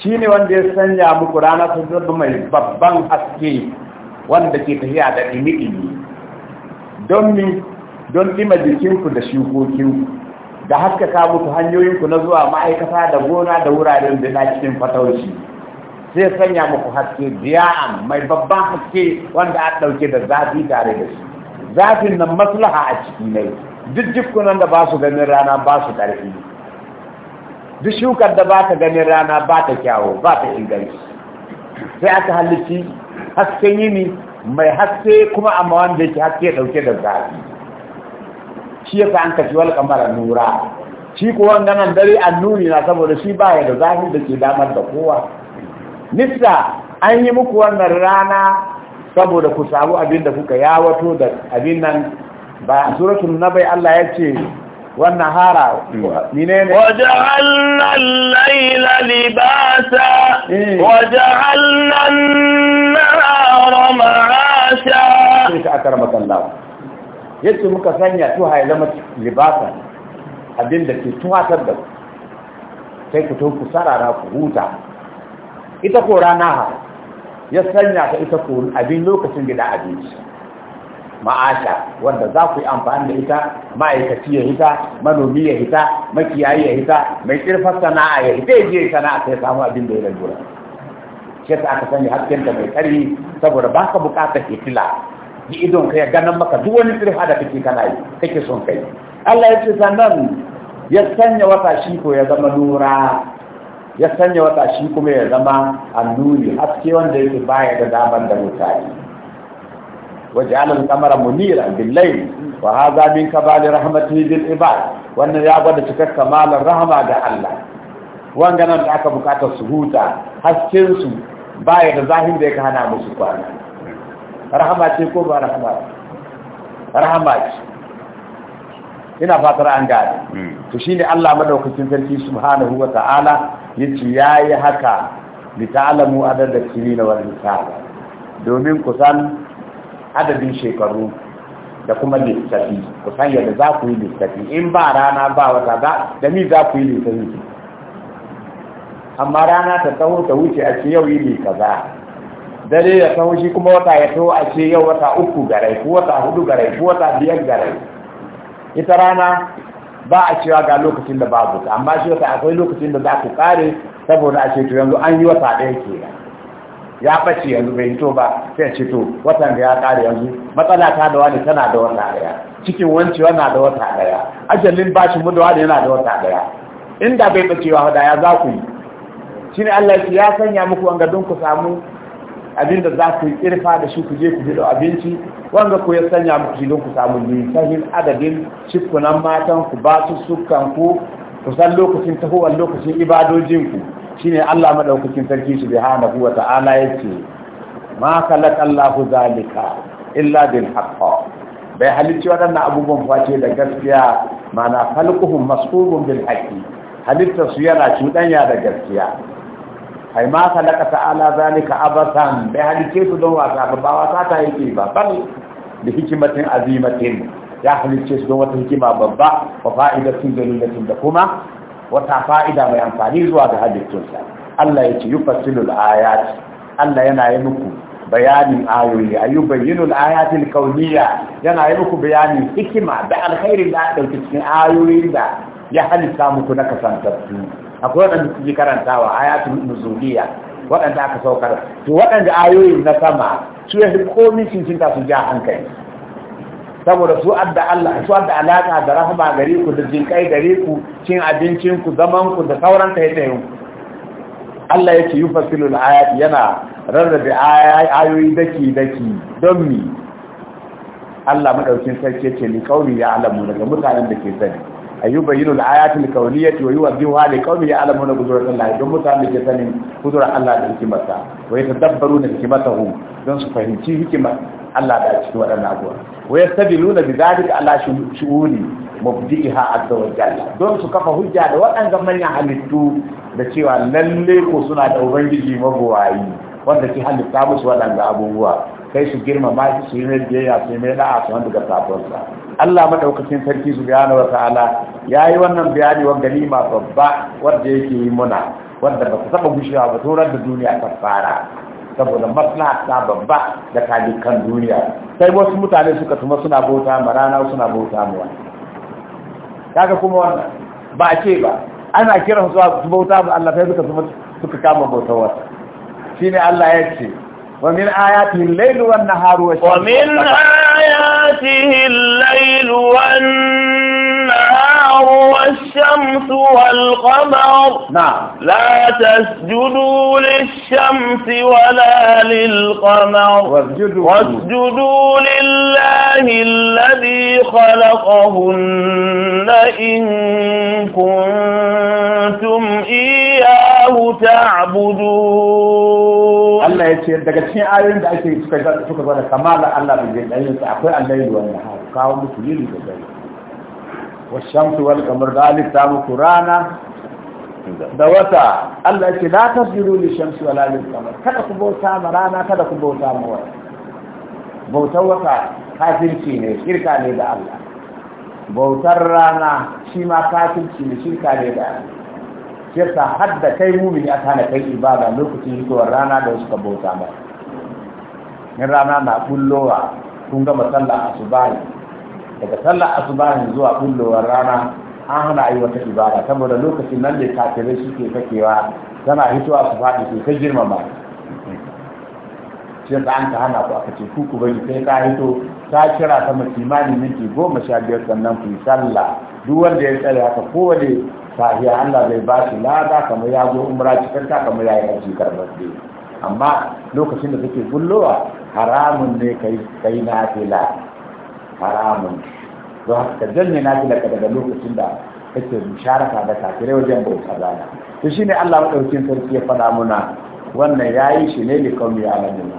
Shi ne wanda ya sanya muku rana ta zama mai babban haske wanda ke tafiya da dimi don mi don jikinku da shukokinku da haskaka muku hanyoyinku na zuwa ma'aikata da gona da wuraren da na cikin fatauci sai sanya muku haske biya'an mai babban haske wanda an ɗauke da zafi tare da shi zafin nan maslaha a ciki ne duk jikunan da ba su ganin rana ba su ƙarfi duk shukar da ba ta ganin rana ba ta kyawo ba ta inganci sai aka halitti hasken yini mai haske kuma amma wanda yake haske dauke da zafi shi yasa an kashi wal kamar nura shi ko wannan dare an na saboda shi baya da zafi da ke damar da kowa nista an yi muku wannan rana saboda ku samu abin da kuka yawato da abin nan ba na bai, Allah ya ce والنهار وجعلنا
الليل لباسا
إيه. وجعلنا
النهار معاشا
كيف أكرمك الله يجب أن توها لما لباسا أبين دكي توها تبدأ كيف تكون كسارة راكوهوتا إتكو رانها يسنع إتكو أبين لوكسن بلا أبينش ma'asha wanda za ku yi amfani da ita ma'aikaci ya hita manomi ya hita makiyayi ya hita mai tsirfar sana'a ya hita ya je sana'a sai samu abin da ya lalura shi ta aka sani hasken da mai tsari, saboda ba ka bukatar hitila ji idon ka ya ganin maka duk wani kirfa da kake kana yi kake son kai Allah ya ce sannan ya sanya wata shi ko ya zama nura ya sanya wata shi kuma ya zama annuri haske wanda yake baya da daban da mutane وجعل القمر منيرا بالليل وهذا من كمال رحمته للعباد وان يا غدا cika kamalan rahama ga Allah wanga nan da aka bukata su huta hasken su baya da zahiri da yake hana musu kwana rahama ce ko ba rahama rahama ce ina fatar an gane to shine Allah madaukakin sarki subhanahu wa ta'ala yace yayi haka li ta'lamu adada sirina wal hisab domin ku san adadin shekaru da kuma lissafi ku san yadda za ku yi lissafi in ba rana ba wata ba da ni za ku yi lissafi amma rana ta taho ta wuce a ce yau yi ne kaza dare ya taho shi kuma wata ya taho a ce yau wata uku garai ko wata hudu garai ko wata biyar garai ita rana ba a cewa ga lokacin da babu amma shi wata akwai lokacin da za ku kare saboda a ce to yanzu an yi wata ɗaya kenan ya bace yanzu bai to ba sai ce to watan da ya kare yanzu matsala ta da wani tana da wata daya cikin wanci na da wata daya ajalin bashi mu da wani yana da wata daya inda bai bacewa da ya za ku yi shine Allah ya sanya muku wanga don ku samu abin da za ku yi irfa da shi ku je ku jido abinci Wanga ku ya sanya muku shi don ku samu nisahin adadin shikunan matan ku ba su sukan ku kusan san lokacin tahowar lokacin ibadojin ku shine Allah madaukakin sarki subhanahu wa ta'ala yace ma kalak Allahu zalika illa bil haqq bai halicci waɗannan abubuwan face da gaskiya mana falquhum masbubun bil haqqi halitta su yana cuɗanya da gaskiya Kai ma kalaka ta'ala zalika abasan bai halicce su don wasa ba wasa ta yake ba bal da hikimatin azimatin ya halicce su don wata hikima babba wa fa'idatin dalilatin da kuma wata fa'ida mai amfani zuwa ga halittunsa Allah ya ce yi fasilul ayat Allah yana yi muku bayanin ayoyi a yi bayyinul ayatul kauniya yana yi muku bayanin hikima da alkhairin da aka ɗauki cikin ayoyin da ya halitta muku na kasantattu akwai waɗanda suke karantawa ayatul nuzuliya waɗanda aka saukar to waɗanda ayoyin na sama su ya fi komi su ja hankali saboda su adda Allah su adda alaka da rahama gare ku da jinkai gare ku cin abincin ku zaman ku da sauran kai tsayin ku Allah yake yufassilu al-ayat yana rarrabe ayoyi daki daki don mi Allah madaukin sarki yake li qauli ya alamu daga mutanen da ke sani ayyubayyinu al-ayat al-kawniyyati wa yuwaddihuha li qauli ya alamu daga zuwa Allah don mutanen da ke sani kudura Allah da hikimarsa wa yatadabbaruna hikimatahu don su fahimci hikimar Allah da ciki waɗannan abubuwa wa nuna bi zalika ala shuhudi mubdiha azza wa jalla don su kafa hujja da waɗannan manyan halittu da cewa lalle ko suna da ubangiji magowayi wanda ke halitta musu waɗannan abubuwa kai su girmama su yi mai biyayya su yi mai da'a su wanda ga sabonsa Allah madaukakin sarki wasu wa ta'ala yayi wannan bayani wa ganima babba wanda yake yi muna wanda ba ta taba gushewa ba tun da duniya ta fara saboda maslaha ta babba da talikan duniya sai wasu mutane suka tuma suna bauta ma rana suna bauta ma wani kaga kuma wannan ba a ce ba ana kiran su bauta ma Allah sai suka tuma suka kama bautar wata shine Allah ya ce ومن آياته الليل والنهار والشمس ومن
آياته الليل والنهار والنهار والشمس والقمر نعم لا تسجدوا للشمس ولا للقمر واسجدوا, واسجدوا لله الذي خلقهن
إن كنتم إياه تعبدون الله يتشير daga cikin ayoyin da ake suka كمال الله kamala Allah bai da ayyuka akwai Allah yi والشمس والقمر ذلك تام rana. da wata Allah ce la tasbiru li shamsu wala lil qamar kada ku bauta ma rana kada ku bauta ma wata bautar wata kafirci ne shirka ne da Allah bautar rana shi ma kafirci ne shirka ne da Allah shirka hadda kai mumini a tana kai ibada lokacin hitowar rana da suka bauta ma in rana na bullowa kun gama sallah a su asubahi daga sallar asubahin zuwa bullowar rana an hana yi wata ibada saboda lokacin nan da kafirai suke sakewa tana hitowa su faɗi su ta girmama shi da an ka hana ku aka ce ku ku bari sai ka hito ta kira sama kimanin minti goma sha biyar sannan ku yi sallah duk wanda ya tsare haka kowane sahiya Allah zai ba shi lada kamar ya zo umra ta kamar ya yi aji karɓarɗe amma lokacin da take bullowa haramun ne kai na fila haramun don haka ka janye na filaka daga lokacin da kake musharaka da kafirai wajen bauta rana to shine Allah madaukakin sarki ya faɗa muna wannan yayi shi ne li kaumi alamin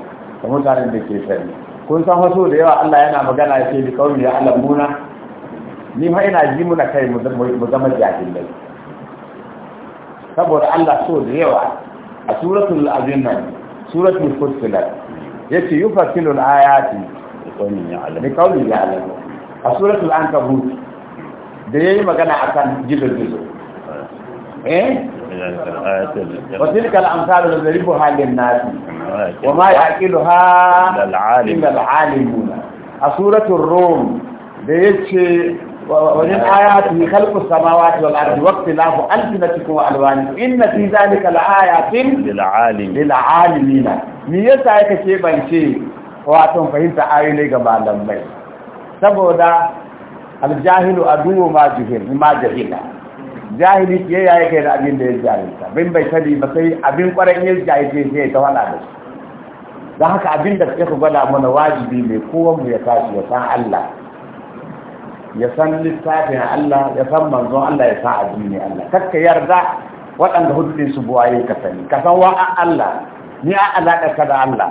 da mutanen da ke sani kun san wasu da yawa Allah yana magana ya ce li kaumi alamuna ni ma ina ji muna kai mu zama jahilai saboda Allah so da yawa a suratul azim nan suratul fusilat yace yufassilu al-ayati kaunin ya Allah. Ni kaunin ya Allah. A suratul Ankabut da yayi magana akan jibrilizo. Eh? Wa tilka al-amsalu ladribu halin nas. Wa ma ya'qiluha illal alimun. A suratul Rum da yace ومن آياته خلق السماوات والأرض وقت الله ألفنتك وألوانك إن في ذلك لآيات للعالمين من يسعك شيء من شيء wato fahimta ayoyi ga malamai saboda aljahilu aduwu ma jahil ma jahila jahili ke ya yake da abin da ya jahilta bin bai sani ba sai abin kwarai ya jahilce sai ta wala da don haka abin da ka gwada mana wajibi ne kowa mu ya tashi ya san Allah ya san littafin Allah ya san manzon Allah ya san addini Allah kakka yarda waɗanda hudu su buwaye ka sani ka san wa Allah ni a alaƙa ka da Allah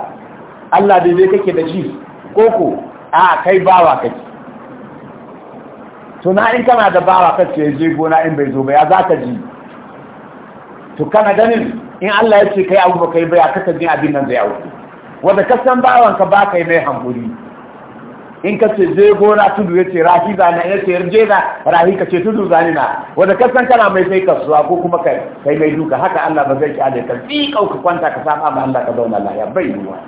Allah daidai kake da ko koko a kai bawa kake tuna in kana da bawa ya je gona in bai zo ba ya ka ji to kana ganin in Allah ya ce kai abu ba kai ba ya kaka jin abin nan zai yawo wanda ka san bawan ka ba kai mai hankuri in ka ce zai gona tudu ya ce rahi zane ya ce yarje na rahi ka ce tudu zane na wanda ka kana mai sai ka kasuwa ko kuma kai mai duka haka Allah ba zai ki ka tsikau ka kwanta ka samu ma Allah ka zauna lafiya bai yiwuwa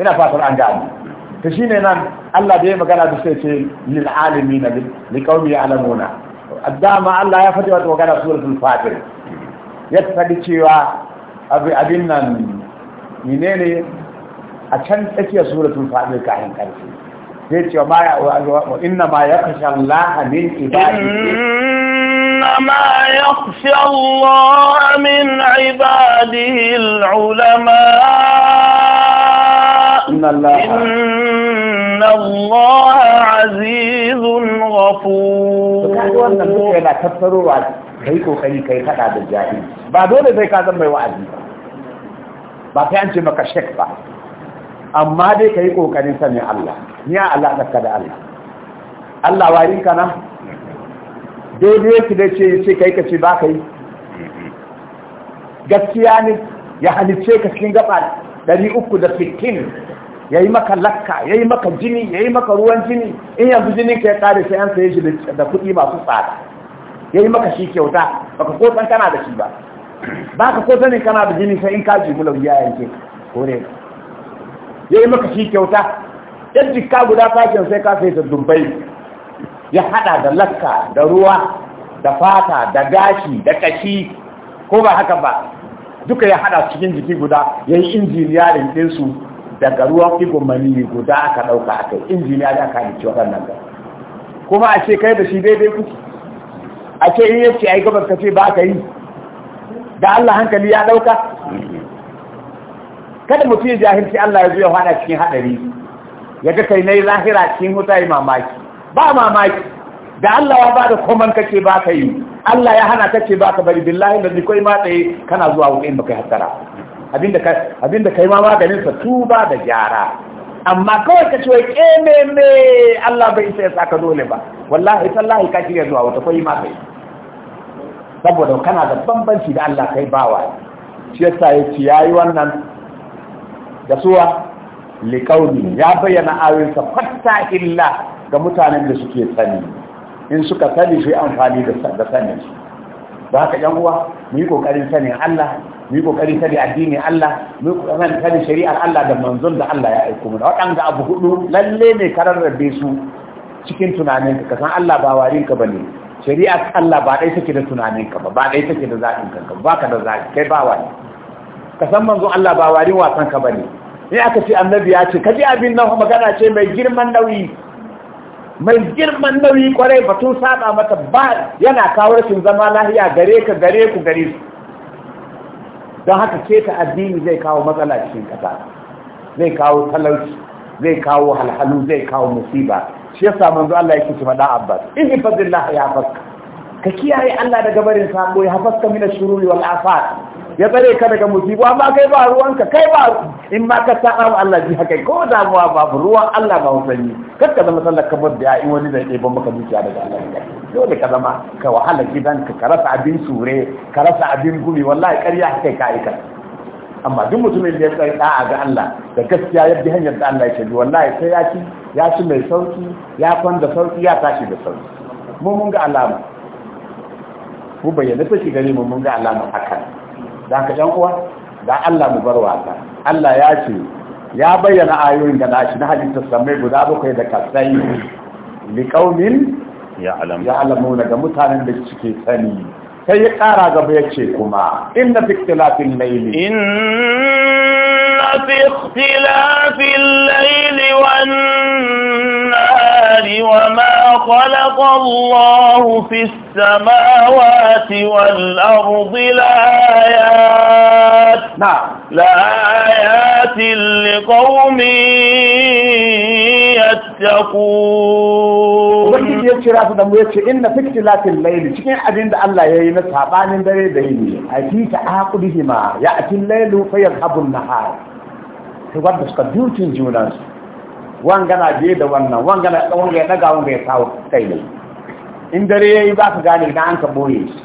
ina fatar an gani to shine nan Allah da ya magana da sai ce lil alamin li qaumi ya'lamuna addama Allah ya fadi wato magana suratul fatir ya fadi cewa abi abin nan menene a can tsakiyar suratul fatir kayan karshe sai cewa ma ya wa inna ma yakhsha Allah min ibadihi ما يخشى
الله من عباده العلماء إن الله إن
الله عزيز غفور wannan duka yana tattarowa kai kokari kai fada da jahili ba dole sai ka zama mai wa'azi ba ba kai an ce maka shek ba amma dai kai kokarin ne Allah ni a Allah da Allah Allah warin ka na daidai yake da ce ce kai ka ce ba kai gaskiya ne ya halice ka cikin gaba 360 ya yi maka lakka ya yi maka jini ya yi maka ruwan jini in yanzu jinin ka ya kare sai an saye shi da kuɗi masu tsada ya yi maka shi kyauta baka ko san kana da shi ba ba ka ko sanin kana da jini sai in ka ji mulau ya yanke ko ne ya yi maka shi kyauta yan jikka guda fashin sai ka sai ta dubbai ya hada da lakka da ruwa da fata da gashi da kashi ko ba haka ba duka ya hada cikin jiki guda ya yi injiniyarin ɗinsu daga ruwan figon maniyi guda aka ɗauka a kai injiniya da aka halicci waɗannan ga kuma a ce kai da shi daidai kuke a ce in yake ai gabas ka ce ba ka yi da Allah hankali ya ɗauka kada mutum ya jahilci Allah ya zo ya hana cikin haɗari ya ga kai yi lahira cikin wuta yi mamaki ba mamaki da Allah ya bada koman kake ba ka yi Allah ya hana kake ba ka bari billahi da ni koi ma tsaye kana zuwa wuƙin kai hasara abinda ka kai ma maganin sa tuba da gyara amma kawai ka ce wai keme eh, me Allah bai sai saka dole ba wallahi sallahi ka shirya zuwa wata koyi ma kai saboda kana da bambanci da Allah kai bawa shi yasa ci yayi wannan da suwa ya bayyana ayoyinsa fatta illa ga mutanen da suke sani in suka sani sai amfani da sani da haka yan uwa mu yi kokarin sanin Allah mu yi kokari da addinin Allah mu yi sani shari'ar Allah da manzon da Allah ya aiko mu waɗanda abu hudu lalle ne karar rabbe su cikin tunaninka ka san Allah ba warin ka bane shari'ar Allah ba dai take da tunaninka ba ba dai take da zaɓin ka ba ka da zaɓi kai ba wani ka san manzon Allah ba warin wasan ka bane sai aka ce annabi ya ce Kaji abin nan magana ce mai girman nauyi mai girman nauyi kwarai batun saba mata ba yana kawo rashin zama lahiya gare ka gare ku gare su don haka keta addini zai kawo matsala cikin kasa, zai kawo talauci zai kawo halhalu zai kawo musiba shi ya samu zuwa Allah ya kici maɗa abbas in ifazin ya hafaska ka kiyaye Allah daga barin sabo ya hafaska mina shururi wal afat ya tsare ka daga musibu amma kai ba ruwanka kai ba in ma ka saba wa Allah ji haka ko damuwa babu ruwan Allah ba husanni kar ka zama sallar kabar da in wani da ke maka zuciya daga Allah dole ka zama ka wahala gidanka ka rasa abin sure ka rasa abin gumi wallahi ƙarya kai ka aika amma duk mutumin da ya tsaye da'a ga Allah da gaskiya ya bi hanyar da Allah ya ce wallahi sai ya ci ya ci mai sauki ya kwanda sauki ya tashi da sauki mu mun ga alama mu bayyana ta shi gare mu mun ga alama haka da haka yan uwa da Allah mu bar wasa Allah ya ce ya bayyana ayoyin da nashi na hadisi sammai guda bakwai da kasai liqaumin ya'lamuna ga mutanen da suke sani sai ya kara gaba yace kuma inna fi ikhtilafil layli inna
fi ikhtilafil layli wan الرحمن وما خلق الله في السماوات والأرض لآيات نعم لآيات لقوم يتقون
wani ya kira su da mu yace inna fi ikhtilafil layl cikin abin da Allah yayi na sabanin dare da yini hakika aqudihima ya'ti al-laylu fa yadhhabu an-nahar to wanda suka dutin junansu wangana je da wannan wangana wanga ya daga wanga ya kawo kai ne in dare yayi ba ka gane na an ka boye shi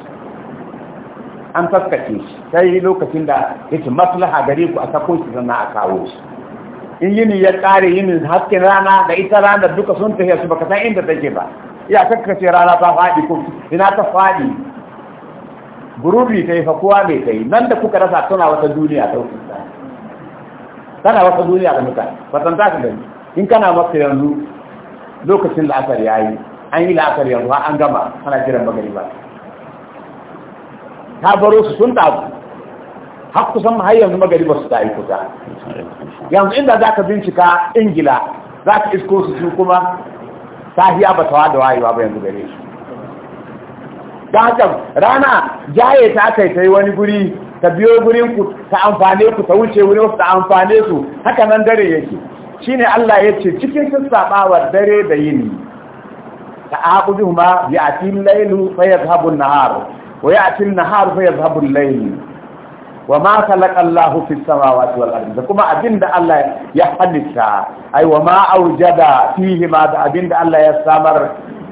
an taskace shi sai lokacin da yake maslaha gare ku a sako shi zanna a kawo shi in yini ya kare yini hasken rana da ita rana duka sun tafiya su baka san inda take ba ya kakkace rana ta faɗi ko ina ta faɗi gurubi ta yi kowa mai ta yi nan da kuka rasa tana wata duniya ta tana wata duniya da mutane kwatanta ka gani in kana maka yanzu lokacin la'asar ya yi an yi la'asar yanzu ha an gama ana jiran magariba ta baro su sun tabu har kusan har yanzu magariba su ta yi kusa yanzu inda za ka bincika ingila za ka isko su su kuma hiya ba tawa da wayewa ba yanzu gare su Ta haka rana jaye ta kai ta yi wani guri ta biyo gurin ku ta amfane ku ta wuce wuri wasu ta amfane su haka nan dare yake shine Allah ya ce cikin sassaɓawar dare da yini ta abudu ma ya ati lailu fa yazhabu an-nahar wa ya ati nahar fa wa ma khalaqa Allahu fi samawati wal ardi da kuma abinda Allah ya halitta ai wa ma aujada fihi ma da abinda Allah ya samar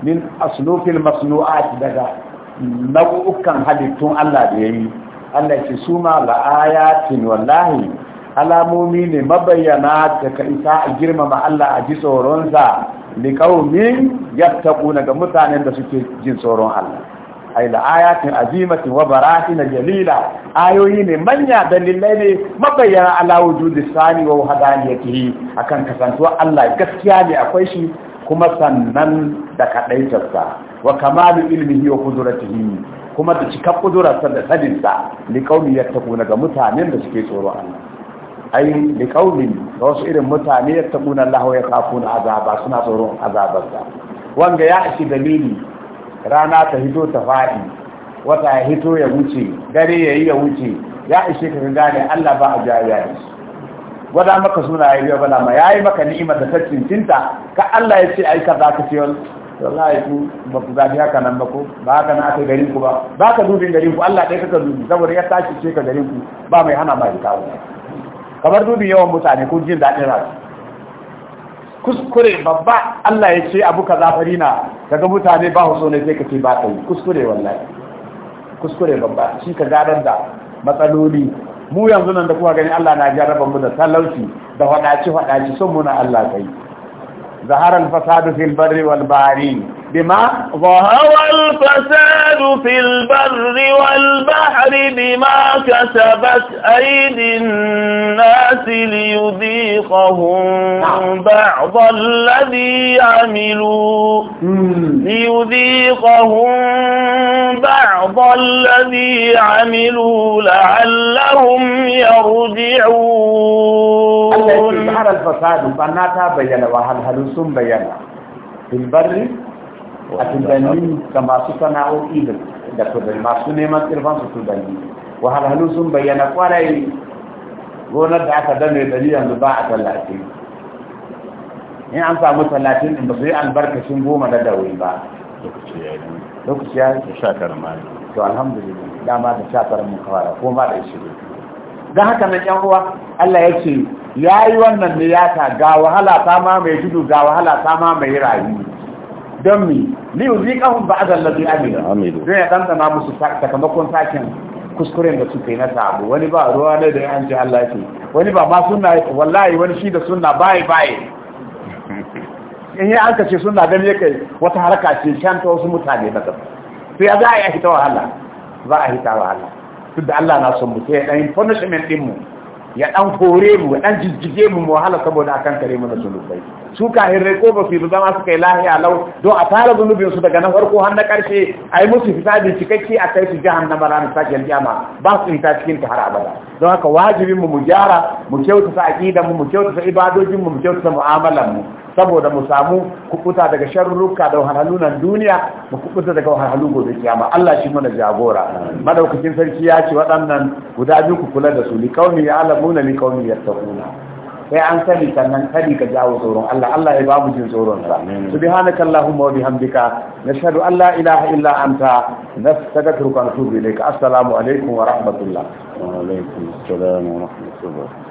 min aslufil masnu'at daga nau'ukan halittun Allah da yayi Allah ya ce suma la ayatin wallahi alamomi ne mabayyana da ka isa a girmama Allah a ji tsoronsa li qaumin yattaquna ga mutanen da suke jin tsoron Allah ay la ayatin azimatin wa na jalila ayoyi ne manya dalilai ne mabayyana ala wujudi sani wa a akan kasantuwa Allah gaskiya ne akwai shi kuma sannan da kadaitarsa wa kamalu ilmihi wa qudratihi kuma da cikar kudurarsa da sadinsa li qaumi yattaquna ga mutanen da suke tsoron Allah ai da kaulin da wasu irin mutane ya tabu na Allah ya kafu na azaba suna tsoron azabar da wanda ya ishi dalili rana ta hito ta faɗi wata ya hito ya wuce dare ya yi ya wuce ya ishe ka gane Allah ba a jariya da shi gwada maka suna ya yi bala ma yayi maka ni'ima da tattin tinta ka Allah ya ce ai za ka ce wallahi ku ba ku zabi haka nan ba ko ba haka na aka garin ku ba ba ka dubin garin ku Allah ɗaya kaka dubi saboda ya tashi ce ka garin ku ba mai hana ma hita kamar dubi yawan mutane ko jin daɗin rasu kuskure babba Allah ya ce abu ka zafari na daga mutane ba su ne sai ka ce ba kai kuskure wallahi kuskure babba shi ka gadar da matsaloli mu yanzu nan da kuka gani Allah na jarraba mu da talauci da wadaci wadaci sun muna Allah kai zaharar fasadu fil barri wal بما ظهر
الفساد في البر والبحر بما كسبت أيدي الناس ليذيقهم نعم. بعض الذي عملوا ليذيقهم بعض الذي عملوا لعلهم
يرجعون ظهر الفساد فأنا تابينا وهل هل سنبينا في البر a tunanni ga masu sana'o'i da tudani masu neman tsirfan su tunanni wahalhalu sun bayyana kwarai gonar da aka dame dari yanzu ba a tallace in an samu talatin in ba su yi albarkacin goma na dawai ba lokaci ya yi lokaci ya to alhamdulillah dama da sha karama kawara ko ma da ishirin don haka nan yan uwa Allah ya ce ya yi wannan niyata ga wahala ta ma mai tudu ga wahala ta ma mai rayu don mi liyu zikahun ba azal ladhi amilu zai ya na musu sakamakon sakin kuskuren da suke na sabu wani ba ruwa ne da an ji Allah ce wani ba ma sunna wallahi wani shi da sunna bai bai in yi an kace sunna dan yake wata haraka ce shan ta wasu mutane na gaba sai ya za a yi hita wahala za a hita wahala duk da Allah na son mu sai dan punishment din mu ya dan kore mu ya dan jijjige mu mu wahala saboda akan kare mu da sunubai su rai ko ba su zama suka yi lahiya lau don a tara zunubin su daga na farko har na karshe a yi musu hisabi cikakke a kai su na ranar sake kiyama ba su fita cikin ta har abada don haka wajibinmu mu mu gyara mu kyautata aqidan mu mu kyautata ibadojin mu mu kyautata mu'amalan mu saboda mu samu kukuta daga sharruka da nan duniya mu kukuta daga wahalhalu gobe kiyama Allah shi mana jagora madaukakin sarki ya ce waɗannan guda biyu ku kula da su li qaumi ya'lamuna li qaumi yattaquna sai an sani sannan kadi ka jawo tsoron Allah Allah ya bamu jin tsoron sa subhanaka allahumma wa bihamdika nashhadu an la ilaha illa anta nastaghfiruka wa natubu ilayka assalamu alaikum wa rahmatullah wa alaikum assalam wa rahmatullah